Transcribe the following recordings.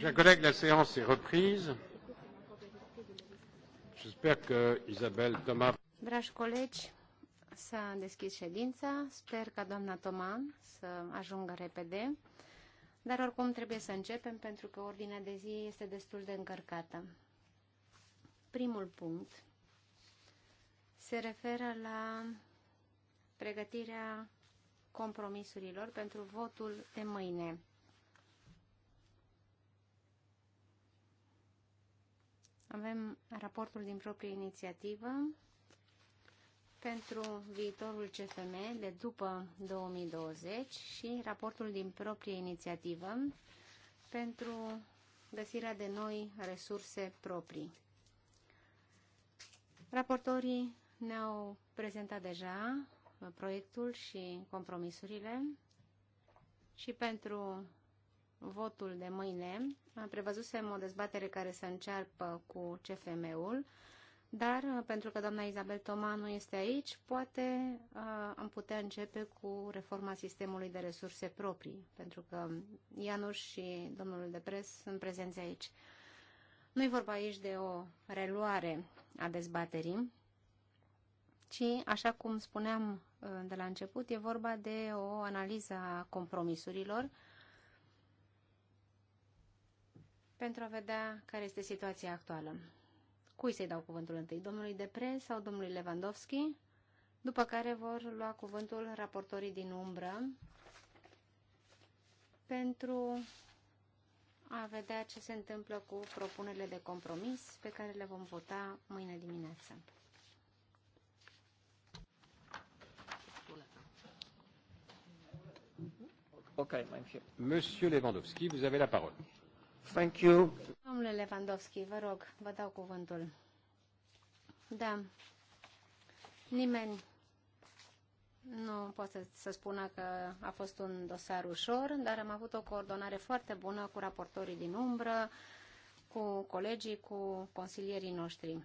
Chers collègues, la séance est reprise. J'espère que Isabelle Thomas. Dragi colegi, s-a deschis ședința. Sper ca doamna Toman să ajungă repede. Dar oricum trebuie să începem pentru că ordinea de zi este destul de încărcată. Primul punct se referă la pregătirea compromisurilor pentru votul de mâine. Avem raportul din proprie inițiativă pentru viitorul CFM de după 2020 și raportul din proprie inițiativă pentru găsirea de noi resurse proprii. Raportorii ne-au prezentat deja uh, proiectul și compromisurile și pentru votul de mâine, prevăzusem o dezbatere care să înceapă cu CFM-ul, dar uh, pentru că doamna Izabel Toma nu este aici, poate uh, am putea începe cu reforma sistemului de resurse proprii, pentru că Ianuș și domnul de pres sunt prezenți aici. Nu e vorba aici de o reluare a dezbaterii, ci, așa cum spuneam uh, de la început, e vorba de o analiză a compromisurilor pentru a vedea care este situația actuală. Cui să-i dau cuvântul întâi? Domnului Depre sau domnului Lewandowski? După care vor lua cuvântul raportorii din umbră pentru a vedea ce se întâmplă cu propunerile de compromis pe care le vom vota mâine dimineață. Ok, Monsieur Lewandowski, vous avez la parole. Thank you. Domnule Lewandowski, vă rog, vă dau cuvântul. Da. Nimeni nu pot să, să spună că a fost un dosar ușor, dar am avut o coordonare foarte bună cu raportorii din umbră, cu colegii, cu consilierii noștri.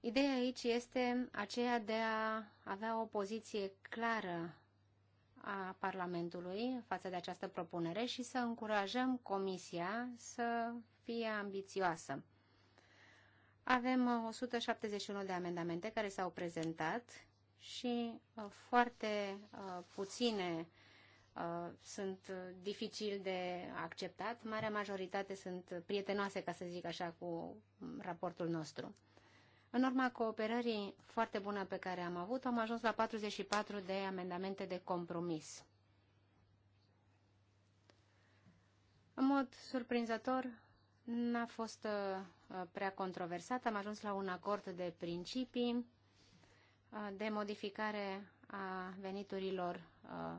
Ideea aici este aceea de a avea o poziție clară a Parlamentului față de această propunere și să încurajăm Comisia să fie ambițioasă. Avem 171 uh, de amendamente care s-au prezentat și uh, foarte uh, puține sunt dificil de acceptat. Marea majoritate sunt prietenoase, ca să zic așa, cu mm, raportul nostru. În urma cooperării foarte bună pe care am avut, am ajuns la 44 de amendamente de compromis. În mod surprinzător, n-a fost uh, prea controversat. Am ajuns la un acord de principii uh, de modificare a veniturilor uh,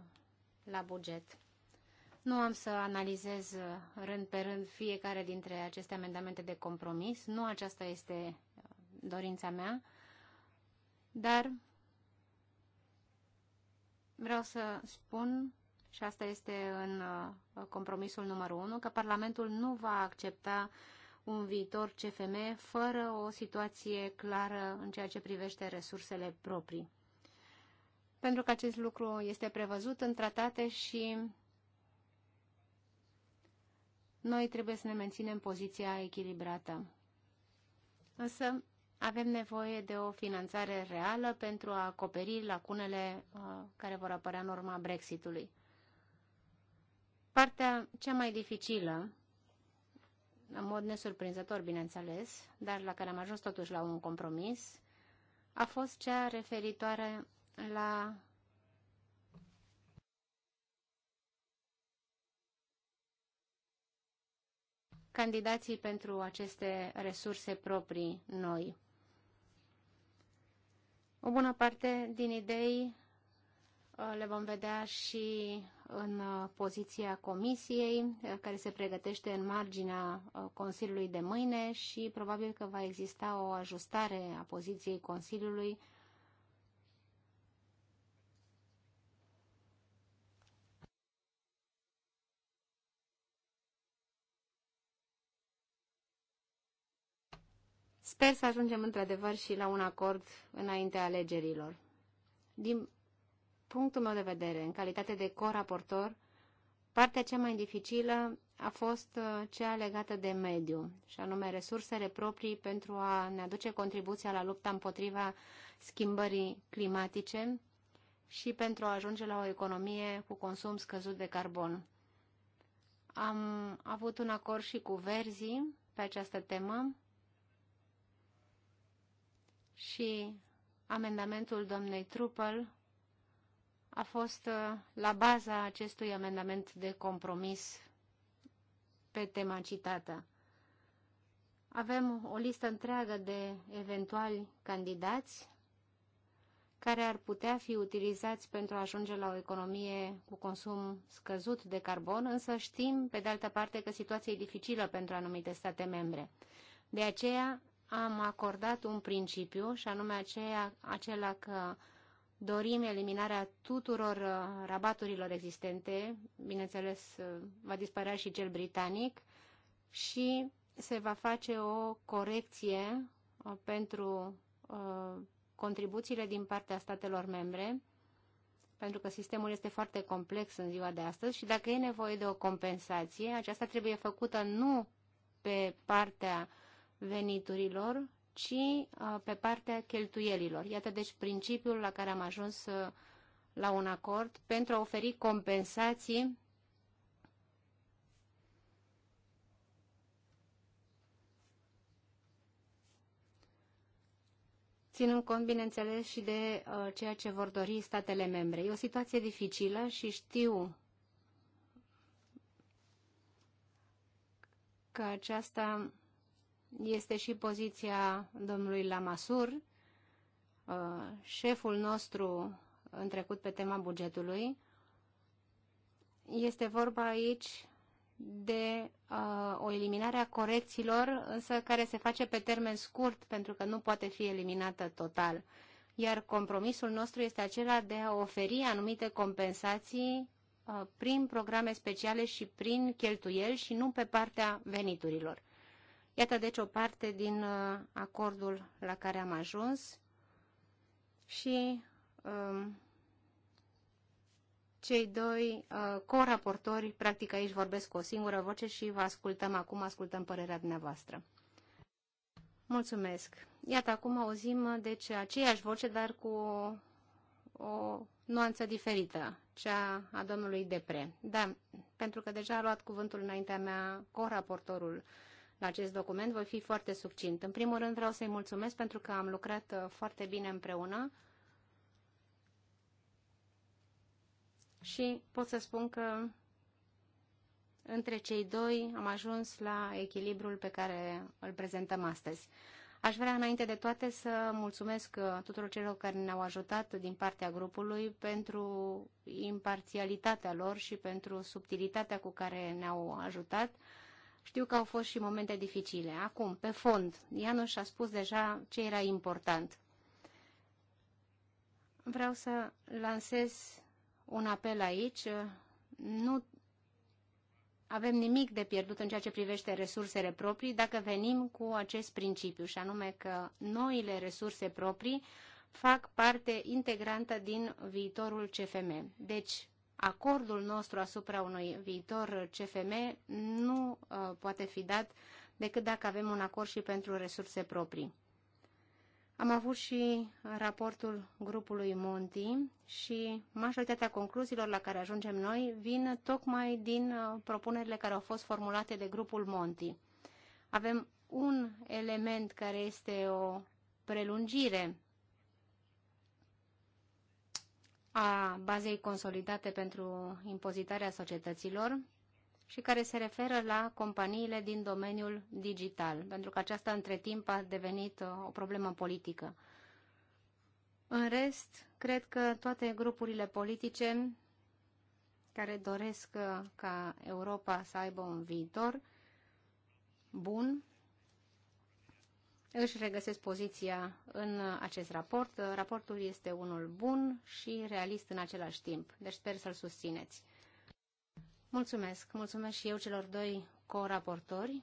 la buget. Nu am să analizez rând pe rând fiecare dintre aceste amendamente de compromis. Nu aceasta este dorința mea, dar vreau să spun, și asta este în uh, compromisul numărul 1, că Parlamentul nu va accepta un viitor CFM fără o situație clară în ceea ce privește resursele proprii. Pentru că acest lucru este prevăzut în tratate și noi trebuie să ne menținem poziția echilibrată. Însă avem nevoie de o finanțare reală pentru a acoperi lacunele uh, care vor apărea în urma Brexitului. Partea cea mai dificilă, în mod nesurprinzător, bineînțeles, dar la care am ajuns totuși la un compromis, a fost cea referitoare la candidații pentru aceste resurse proprii noi. O bună parte din idei uh, le vom vedea și în uh, poziția comisiei uh, care se pregătește în marginea Consiliului de mâine și probabil că va exista o ajustare a poziției Consiliului Sper să ajungem într-adevăr și la un acord înaintea alegerilor. Din punctul meu de vedere, în calitate de coraportor, partea cea mai dificilă a fost uh, cea legată de mediu, și anume resursele proprii pentru a ne aduce contribuția la lupta împotriva schimbării climatice și pentru a ajunge la o economie cu consum scăzut de carbon. Am avut un acord și cu Verzi pe această temă și amendamentul domnei Trupel a fost uh, la baza acestui amendament de compromis pe tema citată. Avem o listă întreagă de eventuali candidați care ar putea fi utilizați pentru a ajunge la o economie cu consum scăzut de carbon, însă știm, pe de altă parte, că situația e dificilă pentru anumite state membre. De aceea am acordat un principiu și anume aceea, acela că dorim eliminarea tuturor uh, rabaturilor existente, bineînțeles uh, va dispărea și cel britanic și se va face o corecție uh, pentru contribuțiile din partea statelor membre, pentru că sistemul este foarte complex în ziua de astăzi și dacă e nevoie de o compensație, aceasta trebuie făcută nu pe partea uh, veniturilor, ci uh, pe partea cheltuielilor. Iată deci principiul la care am ajuns uh, la un acord pentru a oferi compensații ținând cont, bineînțeles, și de uh, ceea ce vor dori statele membre. E o situație dificilă și știu că aceasta este și poziția domnului Lamasur, uh, șeful nostru în trecut pe tema bugetului. Este vorba aici de uh, o eliminare a corecțiilor, însă care se face pe termen scurt, pentru că nu poate fi eliminată total. Iar compromisul nostru este acela de a oferi anumite compensații uh, prin programe speciale și prin cheltuieli și nu pe partea veniturilor. Iată deci o parte din uh, acordul la care am ajuns și um, cei doi uh, coraportori, practic aici vorbesc cu o singură voce și vă ascultăm acum, ascultăm părerea dumneavoastră. Mulțumesc. Iată, acum auzim uh, deci aceeași voce, dar cu o, o nuanță diferită, cea a domnului Depre. Da, pentru că deja a luat cuvântul înaintea mea coraportorul uh, la acest document. Voi fi foarte succint. În primul rând vreau să-i mulțumesc pentru că am lucrat uh, foarte bine împreună și pot să spun că între cei doi am ajuns la echilibrul pe care îl prezentăm astăzi. Aș vrea înainte de toate să mulțumesc uh, tuturor celor care ne-au ajutat din partea grupului pentru imparțialitatea lor și pentru subtilitatea cu care ne-au ajutat știu că au fost și momente dificile. Acum, pe fond, Ianuș a spus deja ce era important. Vreau să lansez un apel aici. Nu avem nimic de pierdut în ceea ce privește resursele proprii dacă venim cu acest principiu, și anume că noile resurse proprii fac parte integrantă din viitorul CFM. Deci, acordul nostru asupra unui viitor CFM nu uh, poate fi dat decât dacă avem un acord și pentru resurse proprii. Am avut și raportul grupului Monti și majoritatea concluziilor la care ajungem noi vin tocmai din uh, propunerile care au fost formulate de grupul Monti. Avem un element care este o prelungire a bazei consolidate pentru impozitarea societăților și care se referă la companiile din domeniul digital, pentru că aceasta între timp a devenit uh, o problemă politică. În rest, cred că toate grupurile politice care doresc uh, ca Europa să aibă un viitor bun își regăsesc poziția în acest raport. Raportul este unul bun și realist în același timp, deci sper să-l susțineți. Mulțumesc! Mulțumesc și eu celor doi co-raportori.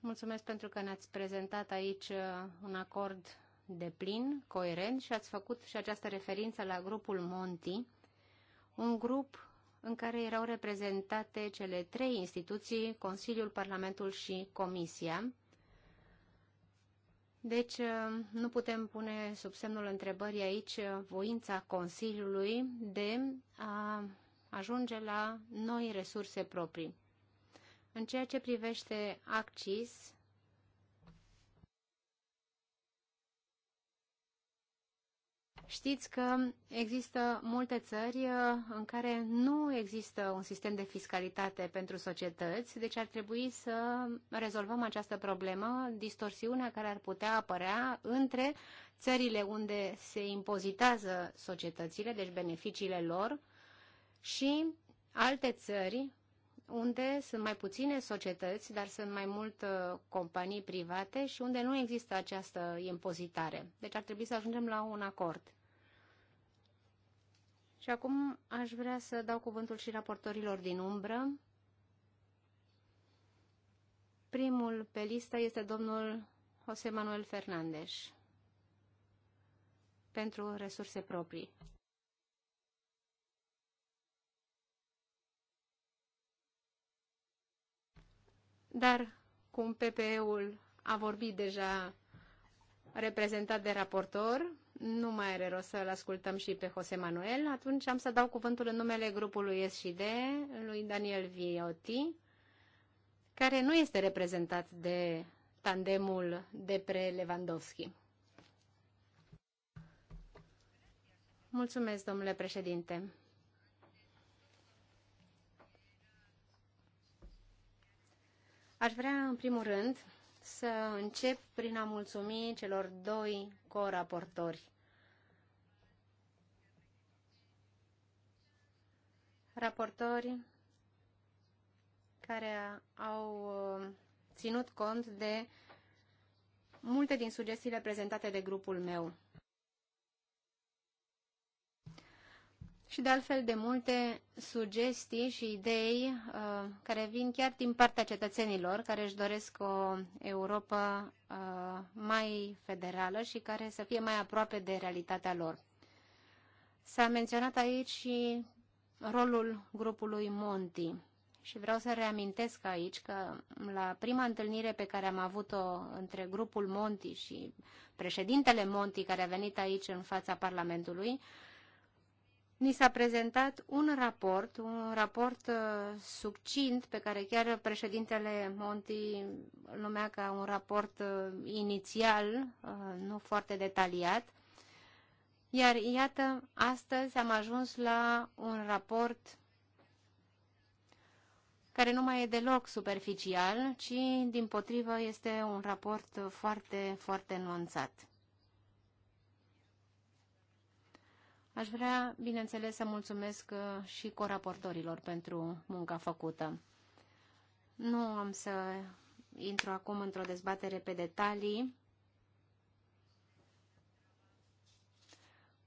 Mulțumesc pentru că ne-ați prezentat aici uh, un acord de plin, coerent și ați făcut și această referință la grupul Monti, un grup în care erau reprezentate cele trei instituții, Consiliul, Parlamentul și Comisia, deci uh, nu putem pune sub semnul întrebării aici uh, voința Consiliului de a ajunge la noi resurse proprii. În ceea ce privește accis, Știți că există multe țări uh, în care nu există un sistem de fiscalitate pentru societăți, deci ar trebui să rezolvăm această problemă, distorsiunea care ar putea apărea între țările unde se impozitează societățile, deci beneficiile lor, și alte țări unde sunt mai puține societăți, dar sunt mai mult uh, companii private și unde nu există această impozitare. Deci ar trebui să ajungem la un acord. Și acum aș vrea să dau cuvântul și raportorilor din umbră. Primul pe listă este domnul José Manuel Fernandez pentru resurse proprii. Dar cum PPE-ul a vorbit deja reprezentat de raportor, nu mai are rost să-l ascultăm și pe Jose Manuel, atunci am să dau cuvântul în numele grupului SD, lui Daniel Vioti, care nu este reprezentat de tandemul de pre Lewandowski. Mulțumesc, domnule președinte. Aș vrea, în primul rând, să încep prin a mulțumi celor doi coraportori. Raportori care au uh, ținut cont de multe din sugestiile prezentate de grupul meu. și de altfel de multe sugestii și idei uh, care vin chiar din partea cetățenilor care își doresc o Europa uh, mai federală și care să fie mai aproape de realitatea lor. S-a menționat aici și rolul grupului Monti și vreau să reamintesc aici că la prima întâlnire pe care am avut-o între grupul Monti și președintele Monti care a venit aici în fața Parlamentului, uh, ni s-a prezentat un raport, un raport uh, succint pe care chiar președintele Monti numea ca un raport uh, inițial, uh, nu foarte detaliat. Iar iată, astăzi am ajuns la un raport care nu mai e deloc superficial, ci din potrivă este un raport foarte, foarte nuanțat. Aș vrea, bineînțeles, să mulțumesc uh, și coraportorilor pentru munca făcută. Nu am să intru acum într-o dezbatere pe detalii,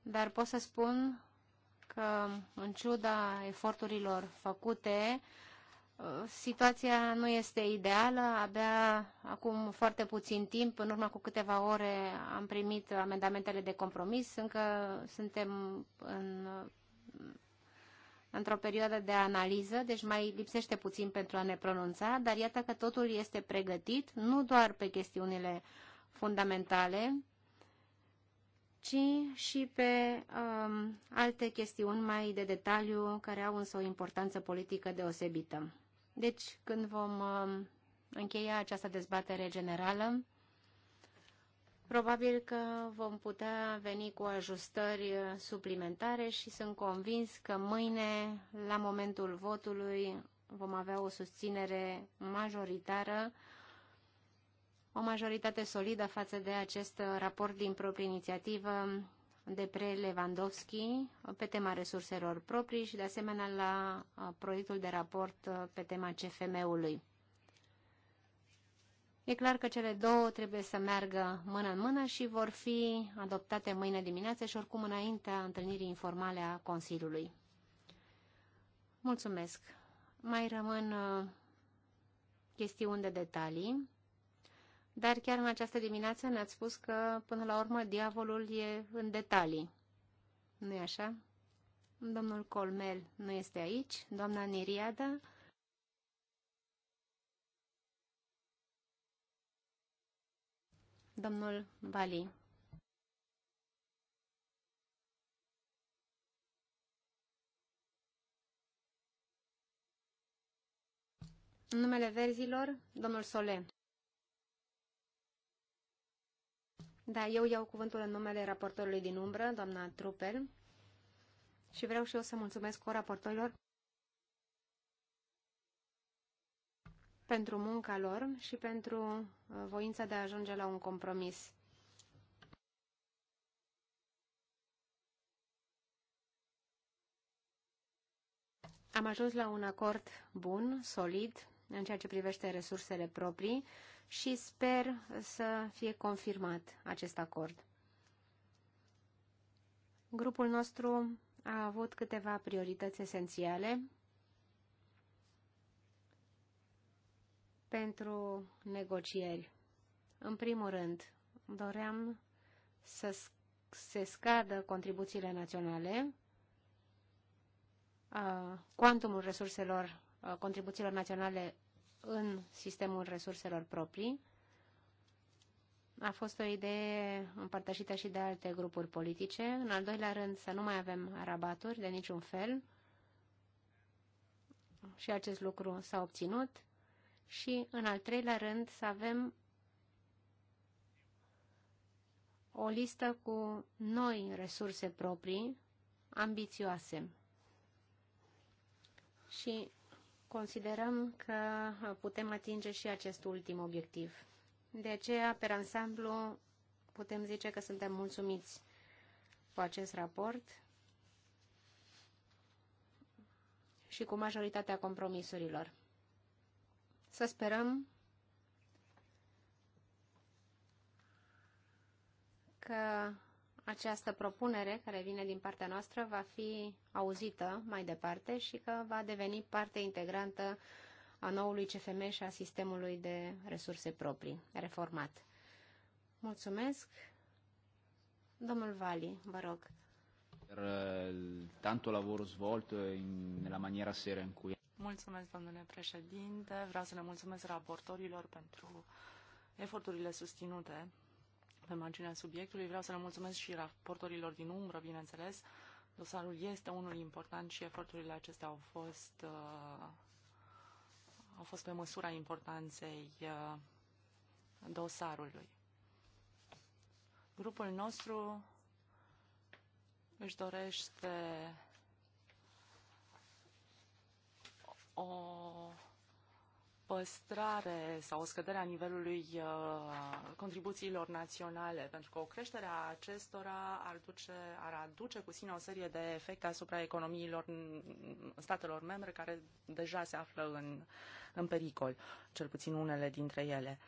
dar pot să spun că, în ciuda eforturilor făcute, Situația nu este ideală. Abia acum foarte puțin timp, în urmă cu câteva ore, am primit amendamentele de compromis. Încă suntem în, într-o perioadă de analiză, deci mai lipsește puțin pentru a ne pronunța, dar iată că totul este pregătit, nu doar pe chestiunile fundamentale, ci și pe um, alte chestiuni mai de detaliu care au însă o importanță politică deosebită. Deci, când vom um, încheia această dezbatere generală, probabil că vom putea veni cu ajustări suplimentare și sunt convins că mâine, la momentul votului, vom avea o susținere majoritară, o majoritate solidă față de acest raport din proprie inițiativă de pre Lewandowski pe tema resurselor proprii și de asemenea la proiectul de raport pe tema CFM-ului. E clar că cele două trebuie să meargă mână în mână și vor fi adoptate mâine dimineață și oricum înaintea întâlnirii informale a Consiliului. Mulțumesc. Mai rămân chestiuni de detalii dar chiar în această dimineață ne-ați spus că, până la urmă, diavolul e în detalii. nu e așa? Domnul Colmel nu este aici, doamna Niriada... Domnul Bali. În numele verzilor, domnul Sole. Da, eu iau cuvântul în numele raportorului din umbră, doamna Trupel, și vreau și eu să mulțumesc cu raportorilor pentru munca lor și pentru uh, voința de a ajunge la un compromis. Am ajuns la un acord bun, solid, în ceea ce privește resursele proprii, și sper să fie confirmat acest acord. Grupul nostru a avut câteva priorități esențiale pentru negocieri. În primul rând, doream să se scadă contribuțiile naționale, cuantumul resurselor contribuțiilor naționale în sistemul resurselor proprii. A fost o idee împărtășită și de alte grupuri politice. În al doilea rând, să nu mai avem rabaturi de niciun fel. Și acest lucru s-a obținut. Și în al treilea rând, să avem o listă cu noi resurse proprii ambițioase. Și considerăm că putem atinge și acest ultim obiectiv. De aceea, pe ansamblu, putem zice că suntem mulțumiți cu acest raport și cu majoritatea compromisurilor. Să sperăm că această propunere care vine din partea noastră va fi auzită mai departe și că va deveni parte integrantă a noului CFM și a sistemului de resurse proprii reformat. Mulțumesc. Domnul Vali, vă rog. Eh, tanto lavoro svolto nella maniera seria in cui... Mulțumesc, domnule președinte. Vreau să le mulțumesc raportorilor pentru eforturile susținute pe marginea subiectului. Vreau să le mulțumesc și raportorilor din umbră, bineînțeles. Dosarul este unul important și eforturile acestea au fost, uh, au fost pe măsura importanței uh, dosarului. Grupul nostru își dorește o păstrare sau o scădere a nivelului uh, contribuțiilor naționale, pentru că o creștere a acestora ar, duce, ar aduce cu sine o serie de efecte asupra economiilor statelor membre care deja se află în, în pericol, cel puțin unele dintre ele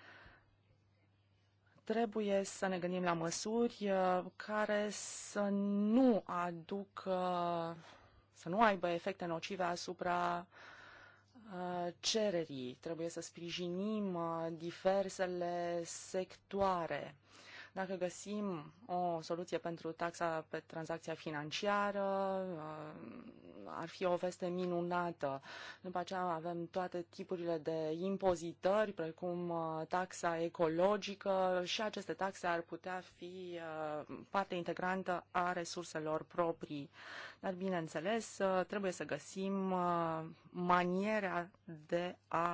trebuie să ne gândim la măsuri uh, care să nu aducă, să nu aibă efecte nocive asupra Uh, cererii, trebuie să sprijinim uh, diversele sectoare. Dacă găsim o soluție pentru taxa pe tranzacția financiară, uh, ar fi o veste minunată. După aceea avem toate tipurile de impozitări, precum taxa ecologică și aceste taxe ar putea fi parte integrantă a resurselor proprii. Dar, bineînțeles, uh, trebuie să găsim uh, maniera de a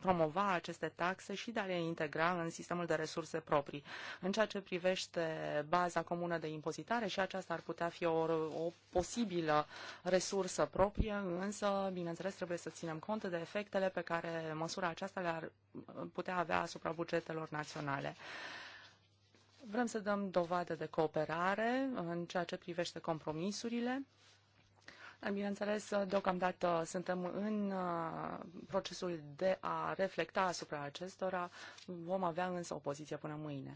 promova aceste taxe și de a le integra în sistemul de resurse proprii. În ceea ce privește baza comună de impozitare și aceasta ar putea fi o, o posibilă resursă proprie, însă, bineînțeles, trebuie să ținem cont de efectele pe care măsura aceasta le-ar putea avea asupra bugetelor naționale. Vrem să dăm dovadă de cooperare în ceea ce privește compromisurile dar, bineînțeles, deocamdată suntem în uh, procesul de a reflecta asupra acestora. Vom avea însă o poziție până mâine.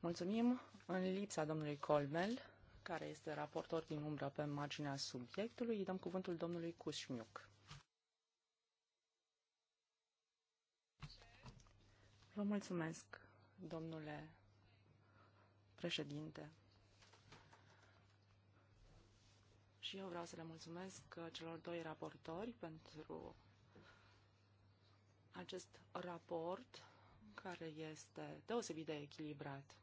Mulțumim în lipsa domnului Colmel, care este raportor din umbră pe marginea subiectului. Îi dăm cuvântul domnului Cușmiuc. Vă mulțumesc, domnule președinte. Și eu vreau să le mulțumesc uh, celor doi raportori pentru acest raport care este deosebit de echilibrat.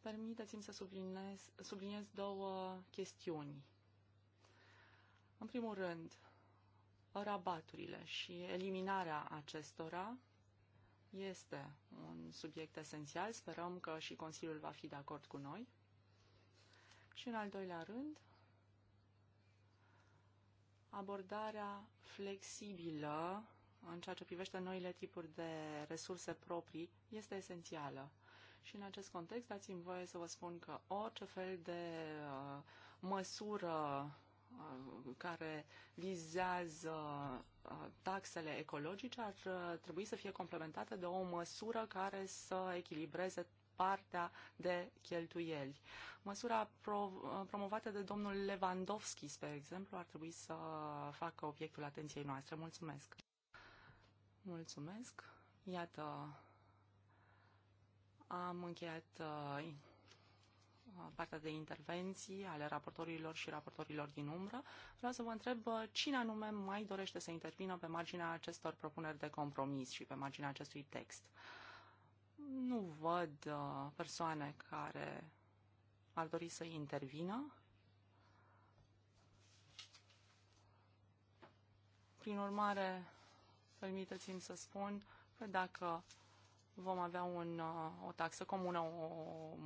Permiteți-mi să subliniez, subliniez două chestiuni. În primul rând, rabaturile și eliminarea acestora este un subiect esențial. Sperăm că și Consiliul va fi de acord cu noi. Și în al doilea rând, abordarea flexibilă în ceea ce privește noile tipuri de resurse proprii este esențială. Și în acest context dați-mi voie să vă spun că orice fel de uh, măsură uh, care vizează uh, taxele ecologice ar uh, trebui să fie complementată de o măsură care să echilibreze partea de cheltuieli. Măsura pro, promovată de domnul Lewandowski, spre exemplu, ar trebui să facă obiectul atenției noastre. Mulțumesc! Mulțumesc! Iată, am încheiat uh, partea de intervenții ale raportorilor și raportorilor din umbră. Vreau să vă întreb uh, cine anume mai dorește să intervină pe marginea acestor propuneri de compromis și pe marginea acestui text. Uh, nu văd uh, persoane care ar dori să intervină. Prin urmare, permiteți-mi să spun că dacă vom avea un, uh, o taxă comună, o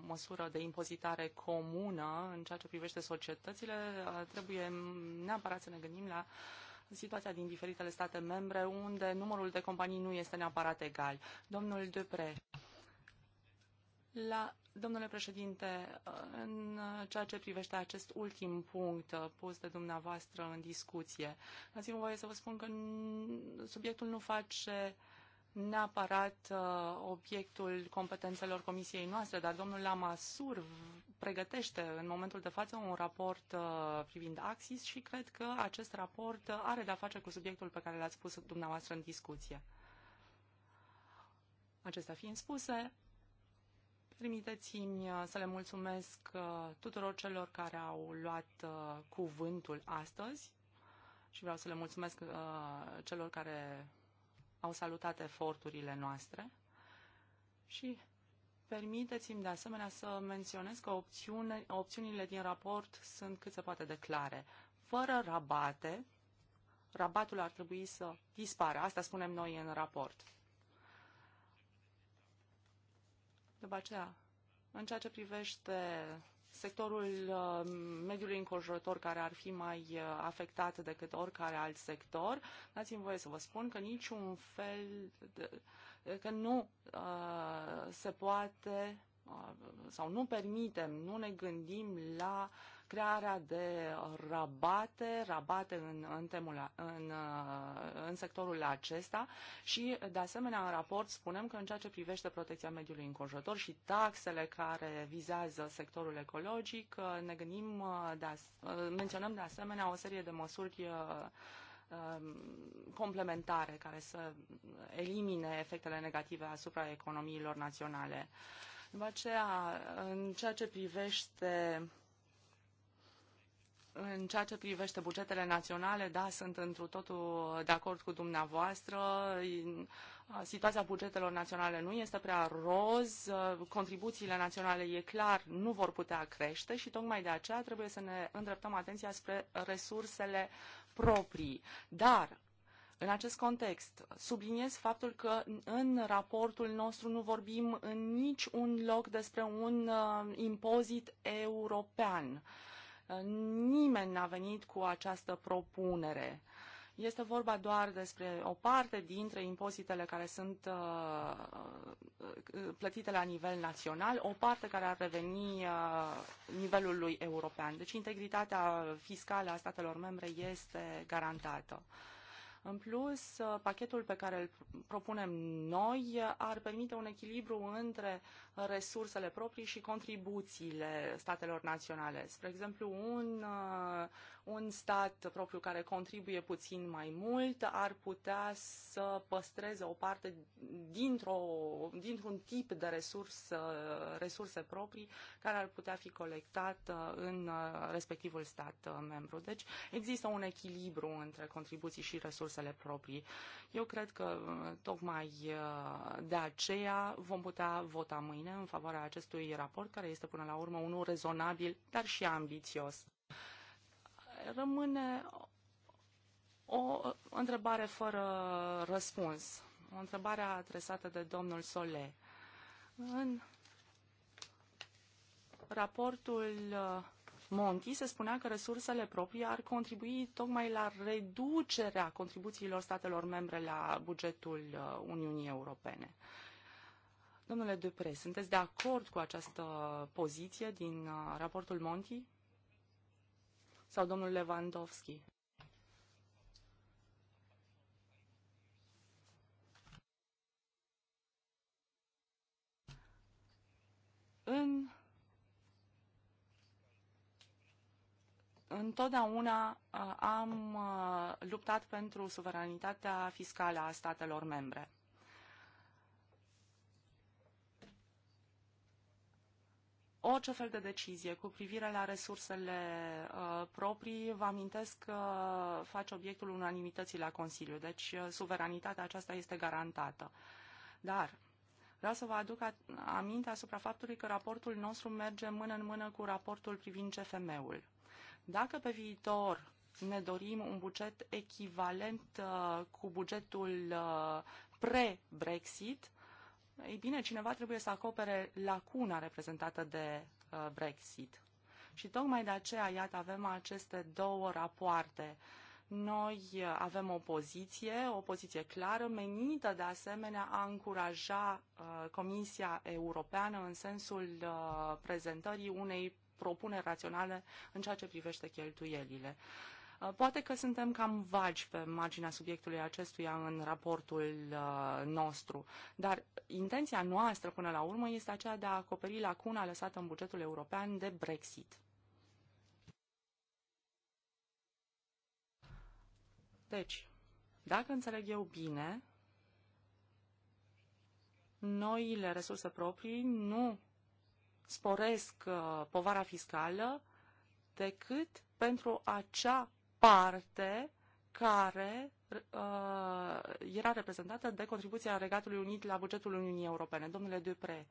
măsură de impozitare comună în ceea ce privește societățile, uh, trebuie neapărat să ne gândim la situația din diferitele state membre unde numărul de companii nu este neapărat egal. Domnul Depre. La, domnule președinte, în ceea ce privește acest ultim punct pus de dumneavoastră în discuție, dați-mi voie să vă spun că subiectul nu face neapărat uh, obiectul competențelor comisiei noastre, dar domnul Lamasur pregătește în momentul de față un raport uh, privind Axis și cred că acest raport are de-a face cu subiectul pe care l-ați pus dumneavoastră în discuție. Acestea fiind spuse, Trimiteți-mi uh, să le mulțumesc uh, tuturor celor care au luat uh, cuvântul astăzi și vreau să le mulțumesc celor care au salutat eforturile noastre și permiteți-mi de asemenea să menționez că opțiune, opțiunile din raport sunt cât se poate de clare. Fără rabate, rabatul ar trebui să dispară, asta spunem noi în raport. După aceea, în ceea ce privește sectorul uh, mediului înconjurător care ar fi mai uh, afectat decât oricare alt sector, dați-mi voie să vă spun că niciun fel, că nu uh, se poate sau nu permitem, nu ne gândim la uh, crearea de rabate, rabate în, în, temul, în, uh, în sectorul acesta și, de asemenea, în raport spunem că în ceea ce privește protecția mediului înconjurător și taxele care vizează sectorul ecologic, uh, ne gândim, uh, de as, menționăm de asemenea o serie de măsuri um, complementare care să elimine efectele negative asupra economiilor naționale. După aceea, în ceea ce privește în ceea ce privește bugetele naționale, da, sunt întru totul de acord cu dumneavoastră. Situația bugetelor naționale nu este prea roz, contribuțiile naționale, e clar, nu vor putea crește și tocmai de aceea trebuie să ne îndreptăm atenția spre resursele proprii. Dar în acest context, subliniez faptul că în raportul nostru nu vorbim în niciun loc despre un uh, impozit european. Uh, Nimeni n-a venit cu această propunere. Este vorba doar despre o parte dintre impozitele care sunt uh, uh, plătite la nivel național, o parte care ar reveni uh, nivelului european. Deci integritatea fiscală a statelor membre este garantată. În plus, pachetul pe care îl propunem noi ar permite un echilibru între resursele proprii și contribuțiile statelor naționale. Spre exemplu, un un stat propriu care contribuie puțin mai mult ar putea să păstreze o parte dintr-o, dintr-un tip de resursă, resurse proprii care ar putea fi colectat uh, în uh, respectivul stat uh, membru. Deci există un echilibru între contribuții și resursele proprii. Eu cred că tocmai de aceea vom putea vota mâine în favoarea acestui raport, care este până la urmă unul rezonabil, dar și ambițios rămâne o întrebare fără răspuns. O întrebare adresată de domnul Sole. În raportul uh, Monti se spunea că resursele proprii ar contribui tocmai la reducerea contribuțiilor statelor membre la bugetul uh, Uniunii Europene. Domnule Dupre, sunteți de acord cu această poziție din uh, raportul Monti? sau domnul Lewandowski. În întotdeauna uh, am uh, luptat pentru suveranitatea fiscală a statelor membre. orice fel de decizie cu privire la resursele uh, proprii, vă amintesc că face obiectul unanimității la Consiliu, deci uh, suveranitatea aceasta este garantată. Dar vreau să vă aduc aminte asupra faptului că raportul nostru merge mână în mână cu raportul privind CFM-ul. Dacă pe viitor ne dorim un buget echivalent uh, cu bugetul uh, pre-Brexit, ei bine, cineva trebuie să acopere lacuna reprezentată de uh, Brexit. Și tocmai de aceea, iată, avem aceste două rapoarte. Noi uh, avem o poziție, o poziție clară, menită de asemenea a încuraja uh, Comisia Europeană în sensul uh, prezentării unei propuneri raționale în ceea ce privește cheltuielile. Uh, Uh, poate că suntem cam vagi pe marginea subiectului acestuia în raportul uh, nostru, dar intenția noastră până la urmă este aceea de a acoperi lacuna lăsată în bugetul european de Brexit. Deci, dacă înțeleg eu bine, noile resurse proprii nu sporesc uh, povara fiscală decât pentru acea parte care uh, era reprezentată de contribuția Regatului Unit la bugetul Uniunii Europene. Domnule Dupre,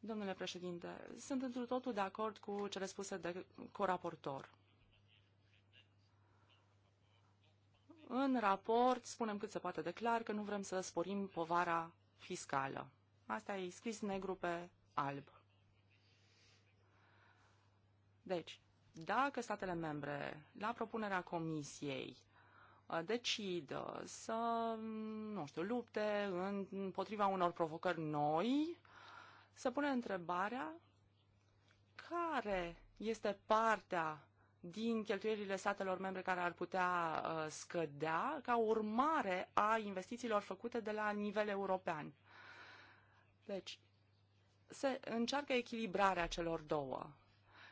domnule președinte, sunt într totul de acord cu cele spuse de coraportor. În raport spunem cât se poate de clar că nu vrem să sporim povara fiscală. Asta e scris negru pe alb. Deci, dacă statele membre, la propunerea Comisiei, uh, decid uh, să, mm, nu știu, lupte împotriva unor provocări noi, să pune întrebarea care este partea din cheltuielile statelor membre care ar putea uh, scădea ca urmare a investițiilor făcute de la nivel european. Deci, se încearcă echilibrarea celor două.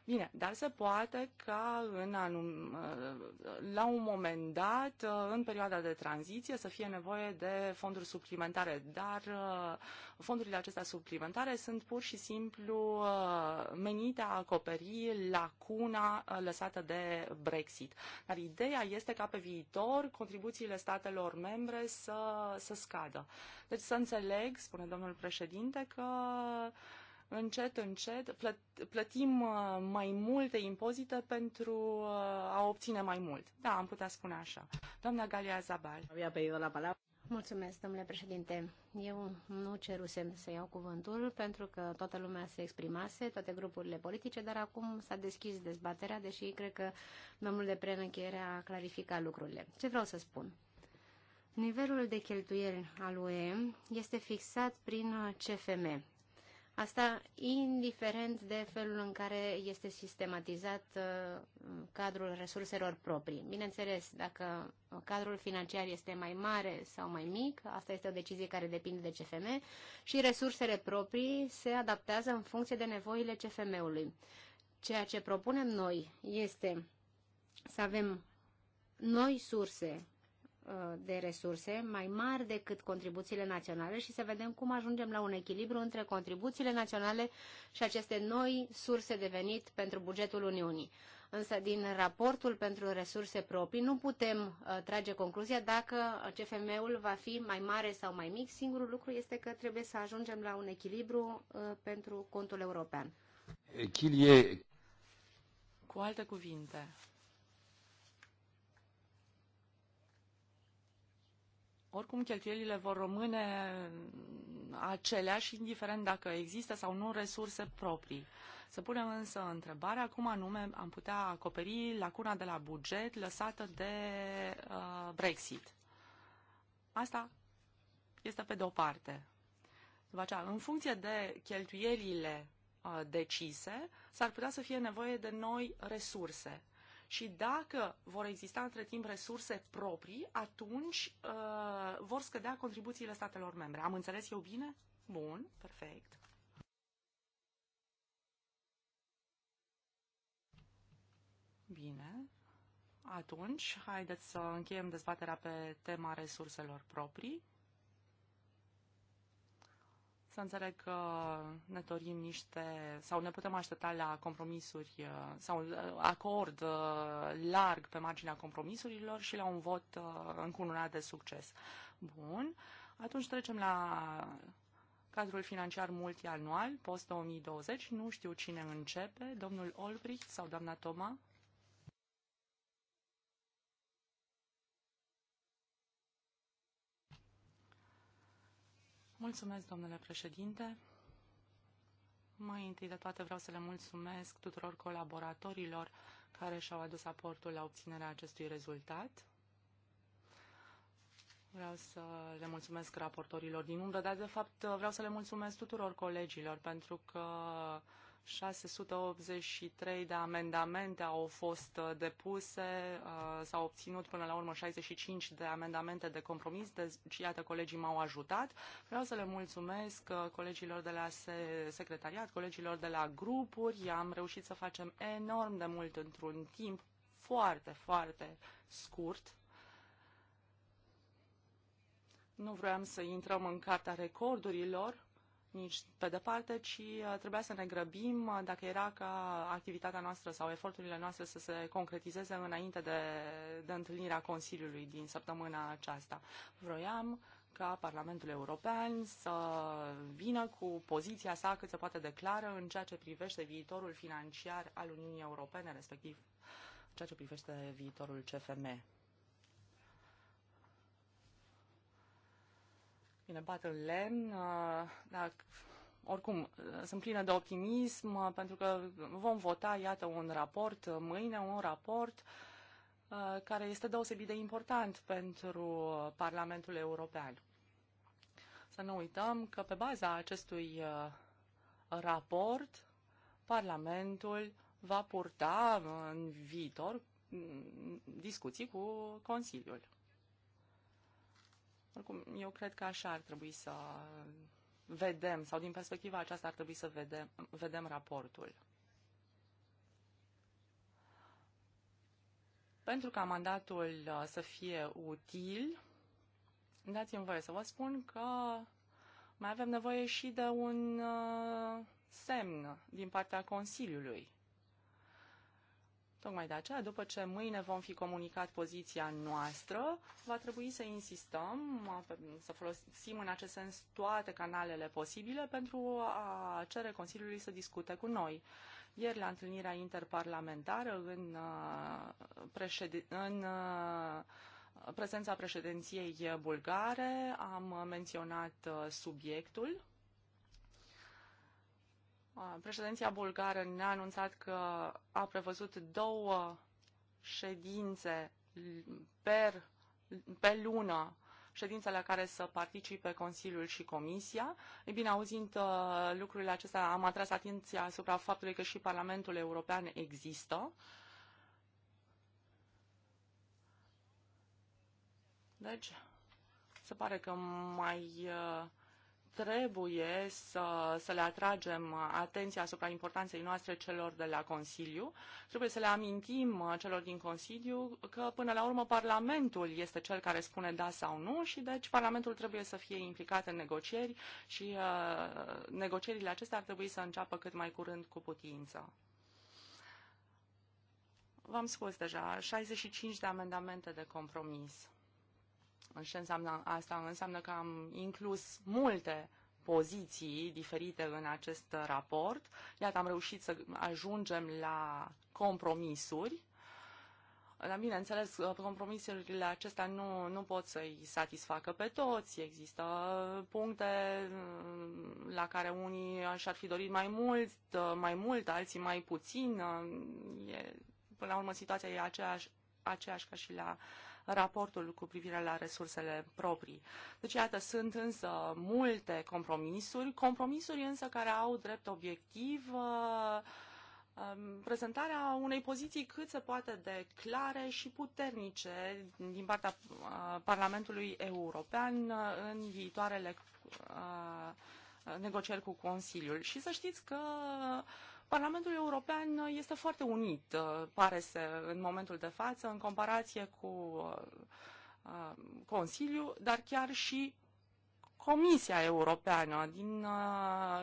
Bine, dar se poate ca în anum, uh, la un moment dat, uh, în perioada de tranziție, să fie nevoie de fonduri suplimentare, dar uh, fondurile acestea suplimentare sunt pur și simplu menite a acoperi lacuna lăsată de Brexit. Dar ideea este ca pe viitor contribuțiile statelor membre să, să scadă. Deci să înțeleg, spune domnul președinte, că încet, încet plătim uh, mai multe impozite pentru uh, a obține mai mult. Da, am putea spune așa. Doamna Galia Zabal. Avea la Mulțumesc, domnule președinte. Eu nu cerusem să iau cuvântul pentru că toată lumea se exprimase, toate grupurile politice, dar acum s-a deschis dezbaterea, deși cred că domnul de pren încheiere a clarificat lucrurile. Ce vreau să spun? Nivelul de cheltuieli al UE este fixat prin CFM Asta indiferent de felul în care este sistematizat uh, cadrul resurselor proprii. Bineînțeles, dacă cadrul financiar este mai mare sau mai mic, asta este o decizie care depinde de CFM și resursele proprii se adaptează în funcție de nevoile CFM-ului. Ceea ce propunem noi este să avem noi surse Uh, de resurse mai mari decât contribuțiile naționale și să vedem cum ajungem la un echilibru între contribuțiile naționale și aceste noi surse de venit pentru bugetul Uniunii. Însă din raportul pentru resurse proprii nu putem uh, trage concluzia dacă CFM-ul va fi mai mare sau mai mic. Singurul lucru este că trebuie să ajungem la un echilibru uh, pentru contul european. Echilie. Cu alte cuvinte, Oricum, cheltuielile vor rămâne aceleași, indiferent dacă există sau nu resurse proprii. Să punem însă întrebarea cum anume am putea acoperi lacuna de la buget lăsată de uh, Brexit. Asta este pe de-o parte. După aceea, în funcție de cheltuielile uh, decise, s-ar putea să fie nevoie de noi resurse. Și dacă vor exista între timp resurse proprii, atunci uh, vor scădea contribuțiile statelor membre. Am înțeles eu bine? Bun, perfect. Bine. Atunci, haideți să încheiem dezbaterea pe tema resurselor proprii. Să înțeleg că ne dorim niște, sau ne putem aștepta la compromisuri uh, sau uh, acord uh, larg pe marginea compromisurilor și la un vot încununat de succes. Bun. Atunci trecem la cadrul financiar multianual, post-2020. Nu știu cine începe, domnul Olbricht sau doamna Toma. Mulțumesc, domnule președinte. Mai întâi de toate vreau să le mulțumesc tuturor colaboratorilor care și-au adus aportul la obținerea acestui rezultat. Vreau să le mulțumesc raportorilor din umbră, dar de fapt vreau să le mulțumesc tuturor colegilor pentru că 683 de amendamente au fost uh, depuse, uh, s-au obținut până la urmă 65 de amendamente de compromis, deci iată colegii m-au ajutat. Vreau să le mulțumesc uh, colegilor de la secretariat, colegilor de la grupuri, am reușit să facem enorm de mult într-un timp foarte, foarte scurt. Nu vreau să intrăm în cartea recordurilor, nici pe departe, ci uh, trebuia să ne grăbim uh, dacă era ca activitatea noastră sau eforturile noastre să se concretizeze înainte de, de întâlnirea Consiliului din săptămâna aceasta. Vroiam ca Parlamentul European să vină cu poziția sa cât se poate declară în ceea ce privește viitorul financiar al Uniunii Europene, respectiv ceea ce privește viitorul CFM. Bine, bat în lemn, uh, dar oricum uh, sunt plină de optimism uh, pentru că vom vota, iată, un raport mâine, un raport care este deosebit de important pentru Parlamentul European. Să nu uităm că pe baza acestui raport, Parlamentul va purta în viitor mm, discuții cu Consiliul. Oricum, eu cred că așa ar trebui să vedem, sau din perspectiva aceasta ar trebui să vedem, vedem raportul. Pentru ca mandatul uh, să fie util, dați-mi voie să vă spun că mai avem nevoie și de un uh, semn din partea Consiliului. Tocmai de aceea, după ce mâine vom fi comunicat poziția noastră, va trebui să insistăm, să folosim în acest sens toate canalele posibile pentru a cere Consiliului să discute cu noi. Ieri, la întâlnirea interparlamentară, în, uh, în uh, prezența președinției bulgare, am menționat uh, subiectul Președinția bulgară ne-a anunțat că a prevăzut două ședințe per, pe lună ședința la care să participe Consiliul și Comisia. Ei bine, auzind uh, lucrurile acestea, am atras atenția asupra faptului că și Parlamentul European există. Deci, se pare că mai uh, trebuie să, să le atragem atenția asupra importanței noastre celor de la Consiliu. Trebuie să le amintim celor din Consiliu că, până la urmă, Parlamentul este cel care spune da sau nu și, deci, Parlamentul trebuie să fie implicat în negocieri și uh, negocierile acestea ar trebui să înceapă cât mai curând cu putință. V-am spus deja, 65 de amendamente de compromis. Ce înseamnă asta? Înseamnă că am inclus multe poziții diferite în acest raport. Iată, am reușit să ajungem la compromisuri. Dar, bineînțeles, compromisurile acestea nu, nu pot să-i satisfacă pe toți. Există puncte mm, la care unii și-ar fi dorit mai mult, mai mult, alții mai puțin. E, până la urmă, situația e aceeași, aceeași ca și la uh, raportul cu privire la resursele proprii. Deci, iată, sunt însă multe compromisuri, compromisuri însă care au drept obiectiv uh, um, prezentarea unei poziții cât se poate de clare și puternice din partea uh, Parlamentului European uh, în viitoarele negocieri cu Consiliul. Și să știți că Parlamentul European este foarte unit, uh, pare să, în momentul de față, în comparație cu uh, uh, Consiliu, dar chiar și Comisia Europeană, din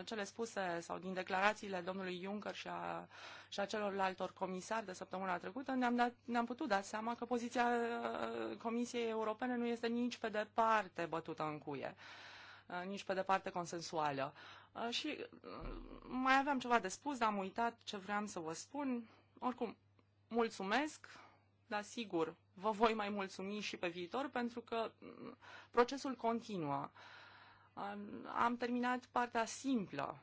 cele spuse sau din declarațiile domnului Juncker și a, și a celorlaltor comisari de săptămâna trecută, ne-am, dat, ne-am putut da seama că poziția Comisiei Europene nu este nici pe departe bătută în cuie, nici pe departe consensuală. Uh, și uh, mai aveam ceva de spus, dar am uitat ce vreau să vă spun. Oricum, mulțumesc, dar sigur, vă voi mai mulțumi și pe viitor pentru că mm, procesul continuă. Uh, am terminat partea simplă.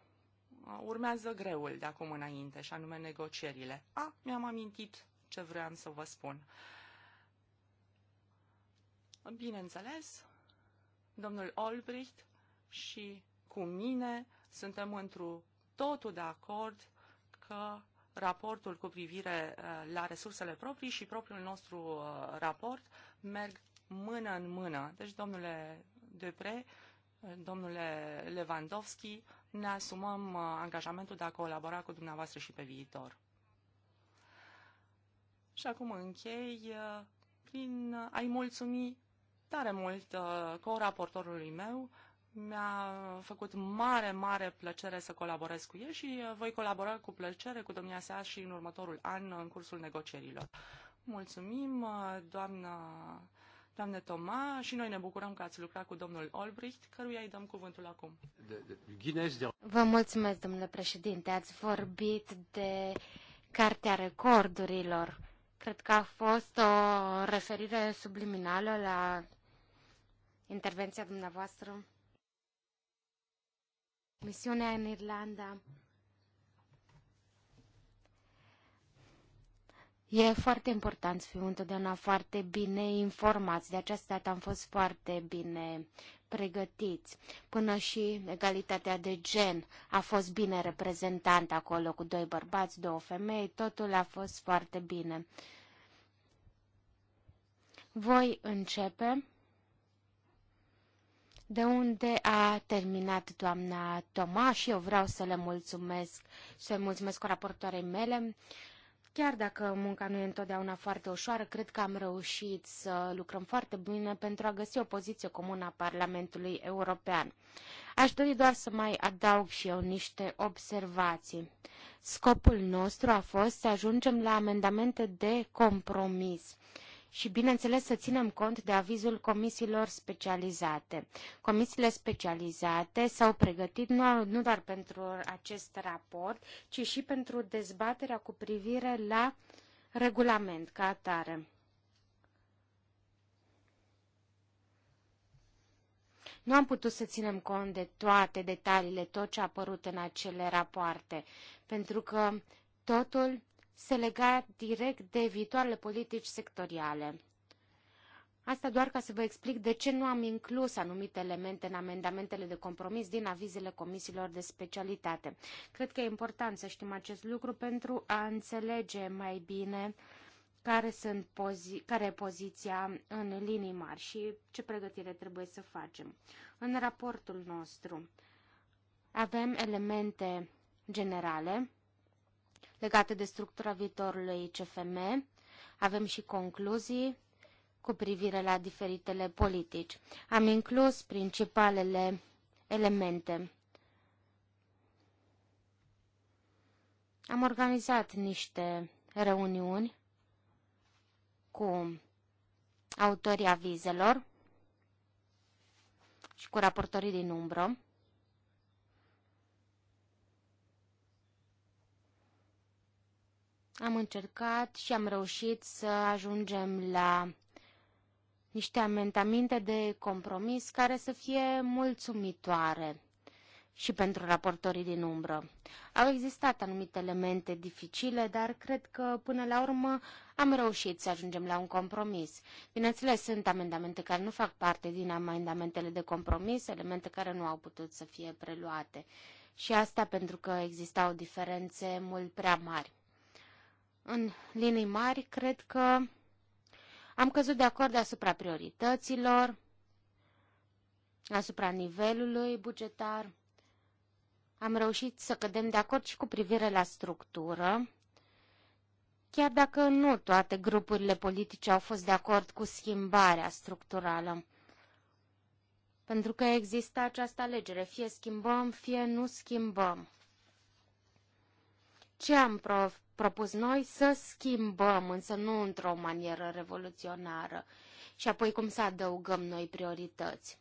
Urmează greul de acum înainte, și anume negocierile. A, mi-am amintit ce vreau să vă spun. Bineînțeles, domnul Olbricht și cu mine suntem întru totul de acord că raportul cu privire uh, la resursele proprii și propriul nostru uh, raport merg mână în mână. Deci, domnule Depre, uh, domnule Lewandowski, ne asumăm angajamentul de a colabora cu dumneavoastră și pe viitor. Și acum închei prin a-i mulțumi tare mult co-raportorului meu, mi-a făcut mare, mare plăcere să colaborez cu el și uh, voi colabora cu plăcere cu domnia sa și în următorul an în cursul negocierilor. Mulțumim, uh, doamna, doamne Toma, și noi ne bucurăm că ați lucrat cu domnul Olbricht, căruia îi dăm cuvântul acum. Vă mulțumesc, domnule președinte, ați vorbit de Cartea Recordurilor. Cred că a fost o referire subliminală la intervenția dumneavoastră misiunea în Irlanda. E foarte important să fim întotdeauna foarte bine informați. De această dată am fost foarte bine pregătiți. Până și egalitatea de gen a fost bine reprezentată acolo cu doi bărbați, două femei, totul a fost foarte bine. Voi începe de unde a terminat doamna Toma și eu vreau să le mulțumesc, să mulțumesc cu raportoarei mele. Chiar dacă munca nu e întotdeauna foarte ușoară, cred că am reușit să lucrăm foarte bine pentru a găsi o poziție comună a Parlamentului European. Aș dori doar să mai adaug și eu niște observații. Scopul nostru a fost să ajungem la amendamente de compromis și, bineînțeles, să ținem cont de avizul comisiilor specializate. Comisiile specializate s-au pregătit nu, nu doar pentru acest raport, ci și pentru dezbaterea cu privire la regulament ca atare. Nu am putut să ținem cont de toate detaliile, tot ce a apărut în acele rapoarte, pentru că totul se lega direct de viitoarele politici sectoriale. Asta doar ca să vă explic de ce nu am inclus anumite elemente în amendamentele de compromis din avizele comisiilor de specialitate. Cred că e important să știm acest lucru pentru a înțelege mai bine care, sunt pozi- care e poziția în linii mari și ce pregătire trebuie să facem. În raportul nostru avem elemente generale legate de structura viitorului CFM. Avem și concluzii cu privire la diferitele politici. Am inclus principalele elemente. Am organizat niște reuniuni cu autorii avizelor și cu raportorii din umbră. Am încercat și am reușit să ajungem la niște amendamente de compromis care să fie mulțumitoare și pentru raportorii din umbră. Au existat anumite elemente dificile, dar cred că până la urmă am reușit să ajungem la un compromis. Bineînțeles, sunt amendamente care nu fac parte din amendamentele de compromis, elemente care nu au putut să fie preluate. Și asta pentru că existau diferențe mult prea mari în linii mari, cred că am căzut de acord asupra priorităților, asupra nivelului bugetar. Am reușit să cădem de acord și cu privire la structură, chiar dacă nu toate grupurile politice au fost de acord cu schimbarea structurală. Pentru că există această alegere, fie schimbăm, fie nu schimbăm ce am pro- propus noi? Să schimbăm, însă nu într-o manieră revoluționară. Și apoi cum să adăugăm noi priorități?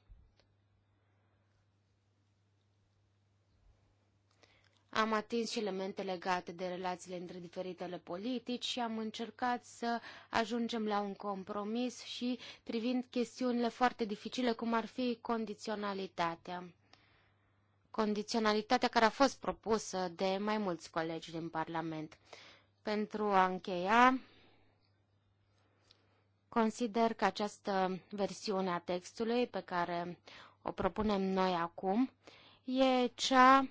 Am atins și elemente legate de relațiile între diferitele politici și am încercat să ajungem la un compromis și privind chestiunile foarte dificile, cum ar fi condiționalitatea condiționalitatea care a fost propusă de mai mulți colegi din Parlament. Pentru a încheia, consider că această versiune a textului pe care o propunem noi acum e cea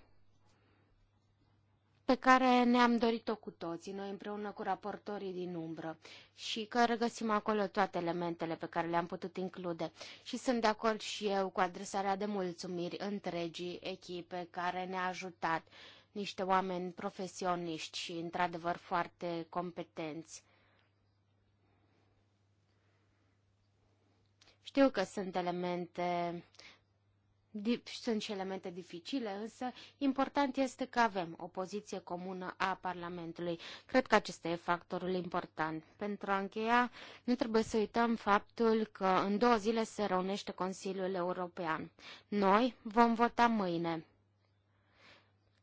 pe care ne-am dorit-o cu toții, noi împreună cu raportorii din umbră și că regăsim acolo toate elementele pe care le-am putut include. Și sunt de acord și eu cu adresarea de mulțumiri întregii echipe care ne-a ajutat, niște oameni profesioniști și într-adevăr foarte competenți. Știu că sunt elemente sunt și elemente dificile, însă important este că avem o poziție comună a Parlamentului. Cred că acesta e factorul important. Pentru a încheia, nu trebuie să uităm faptul că în două zile se reunește Consiliul European. Noi vom vota mâine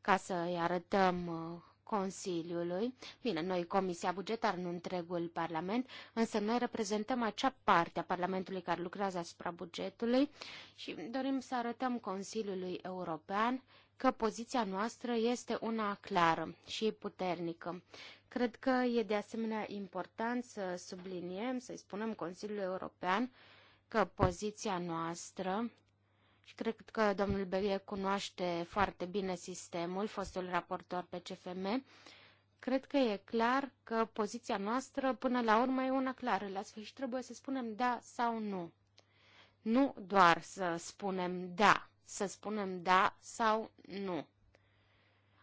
ca să-i arătăm uh, Consiliului. Bine, noi, Comisia Bugetară, nu întregul Parlament, însă noi reprezentăm acea parte a Parlamentului care lucrează asupra bugetului și dorim să arătăm Consiliului European că poziția noastră este una clară și puternică. Cred că e de asemenea important să subliniem, să-i spunem Consiliului European că poziția noastră și cred că domnul Belie cunoaște foarte bine sistemul, fostul raportor pe CFM. Cred că e clar că poziția noastră până la urmă e una clară. La sfârșit trebuie să spunem da sau nu. Nu doar să spunem da, să spunem da sau nu.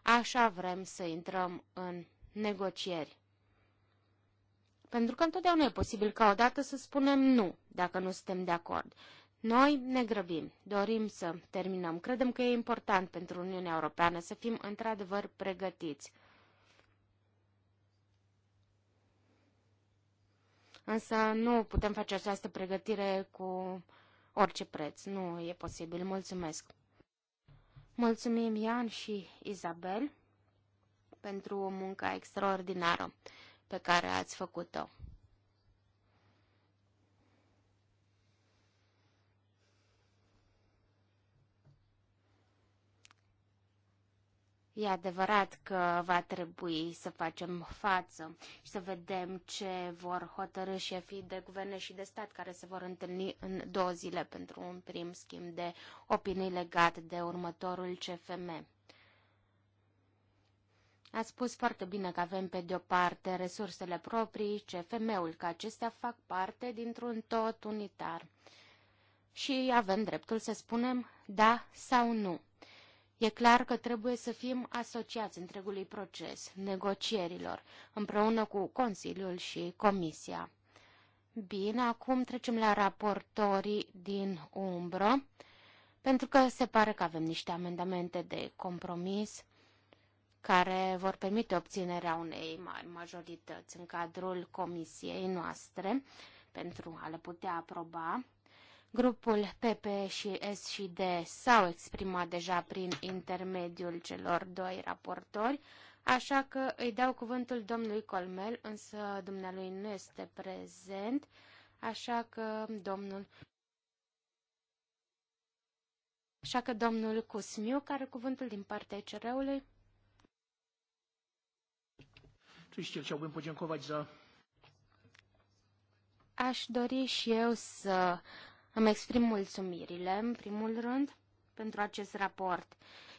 Așa vrem să intrăm în negocieri. Pentru că întotdeauna e posibil ca odată să spunem nu, dacă nu suntem de acord. Noi ne grăbim, dorim să terminăm. Credem că e important pentru Uniunea Europeană să fim într-adevăr pregătiți. Însă nu putem face această pregătire cu orice preț. Nu e posibil. Mulțumesc! Mulțumim Ian și Isabel pentru o muncă extraordinară pe care ați făcut-o. E adevărat că va trebui să facem față și să vedem ce vor hotărâ șefii de guverne și de stat care se vor întâlni în două zile pentru un prim schimb de opinii legat de următorul CFM. A spus foarte bine că avem pe de-o parte resursele proprii, CFM-ul, că acestea fac parte dintr-un tot unitar. Și avem dreptul să spunem da sau nu E clar că trebuie să fim asociați întregului proces, negocierilor, împreună cu Consiliul și Comisia. Bine, acum trecem la raportorii din umbră, pentru că se pare că avem niște amendamente de compromis care vor permite obținerea unei mari majorități în cadrul comisiei noastre pentru a le putea aproba. Grupul PP și S și D s-au exprimat deja prin intermediul celor doi raportori, așa că îi dau cuvântul domnului Colmel, însă dumnealui nu este prezent, așa că domnul Așa că domnul Cusmiu, care cuvântul din partea CR-ului. Aș dori și eu să îmi exprim mulțumirile, în primul rând, pentru acest raport.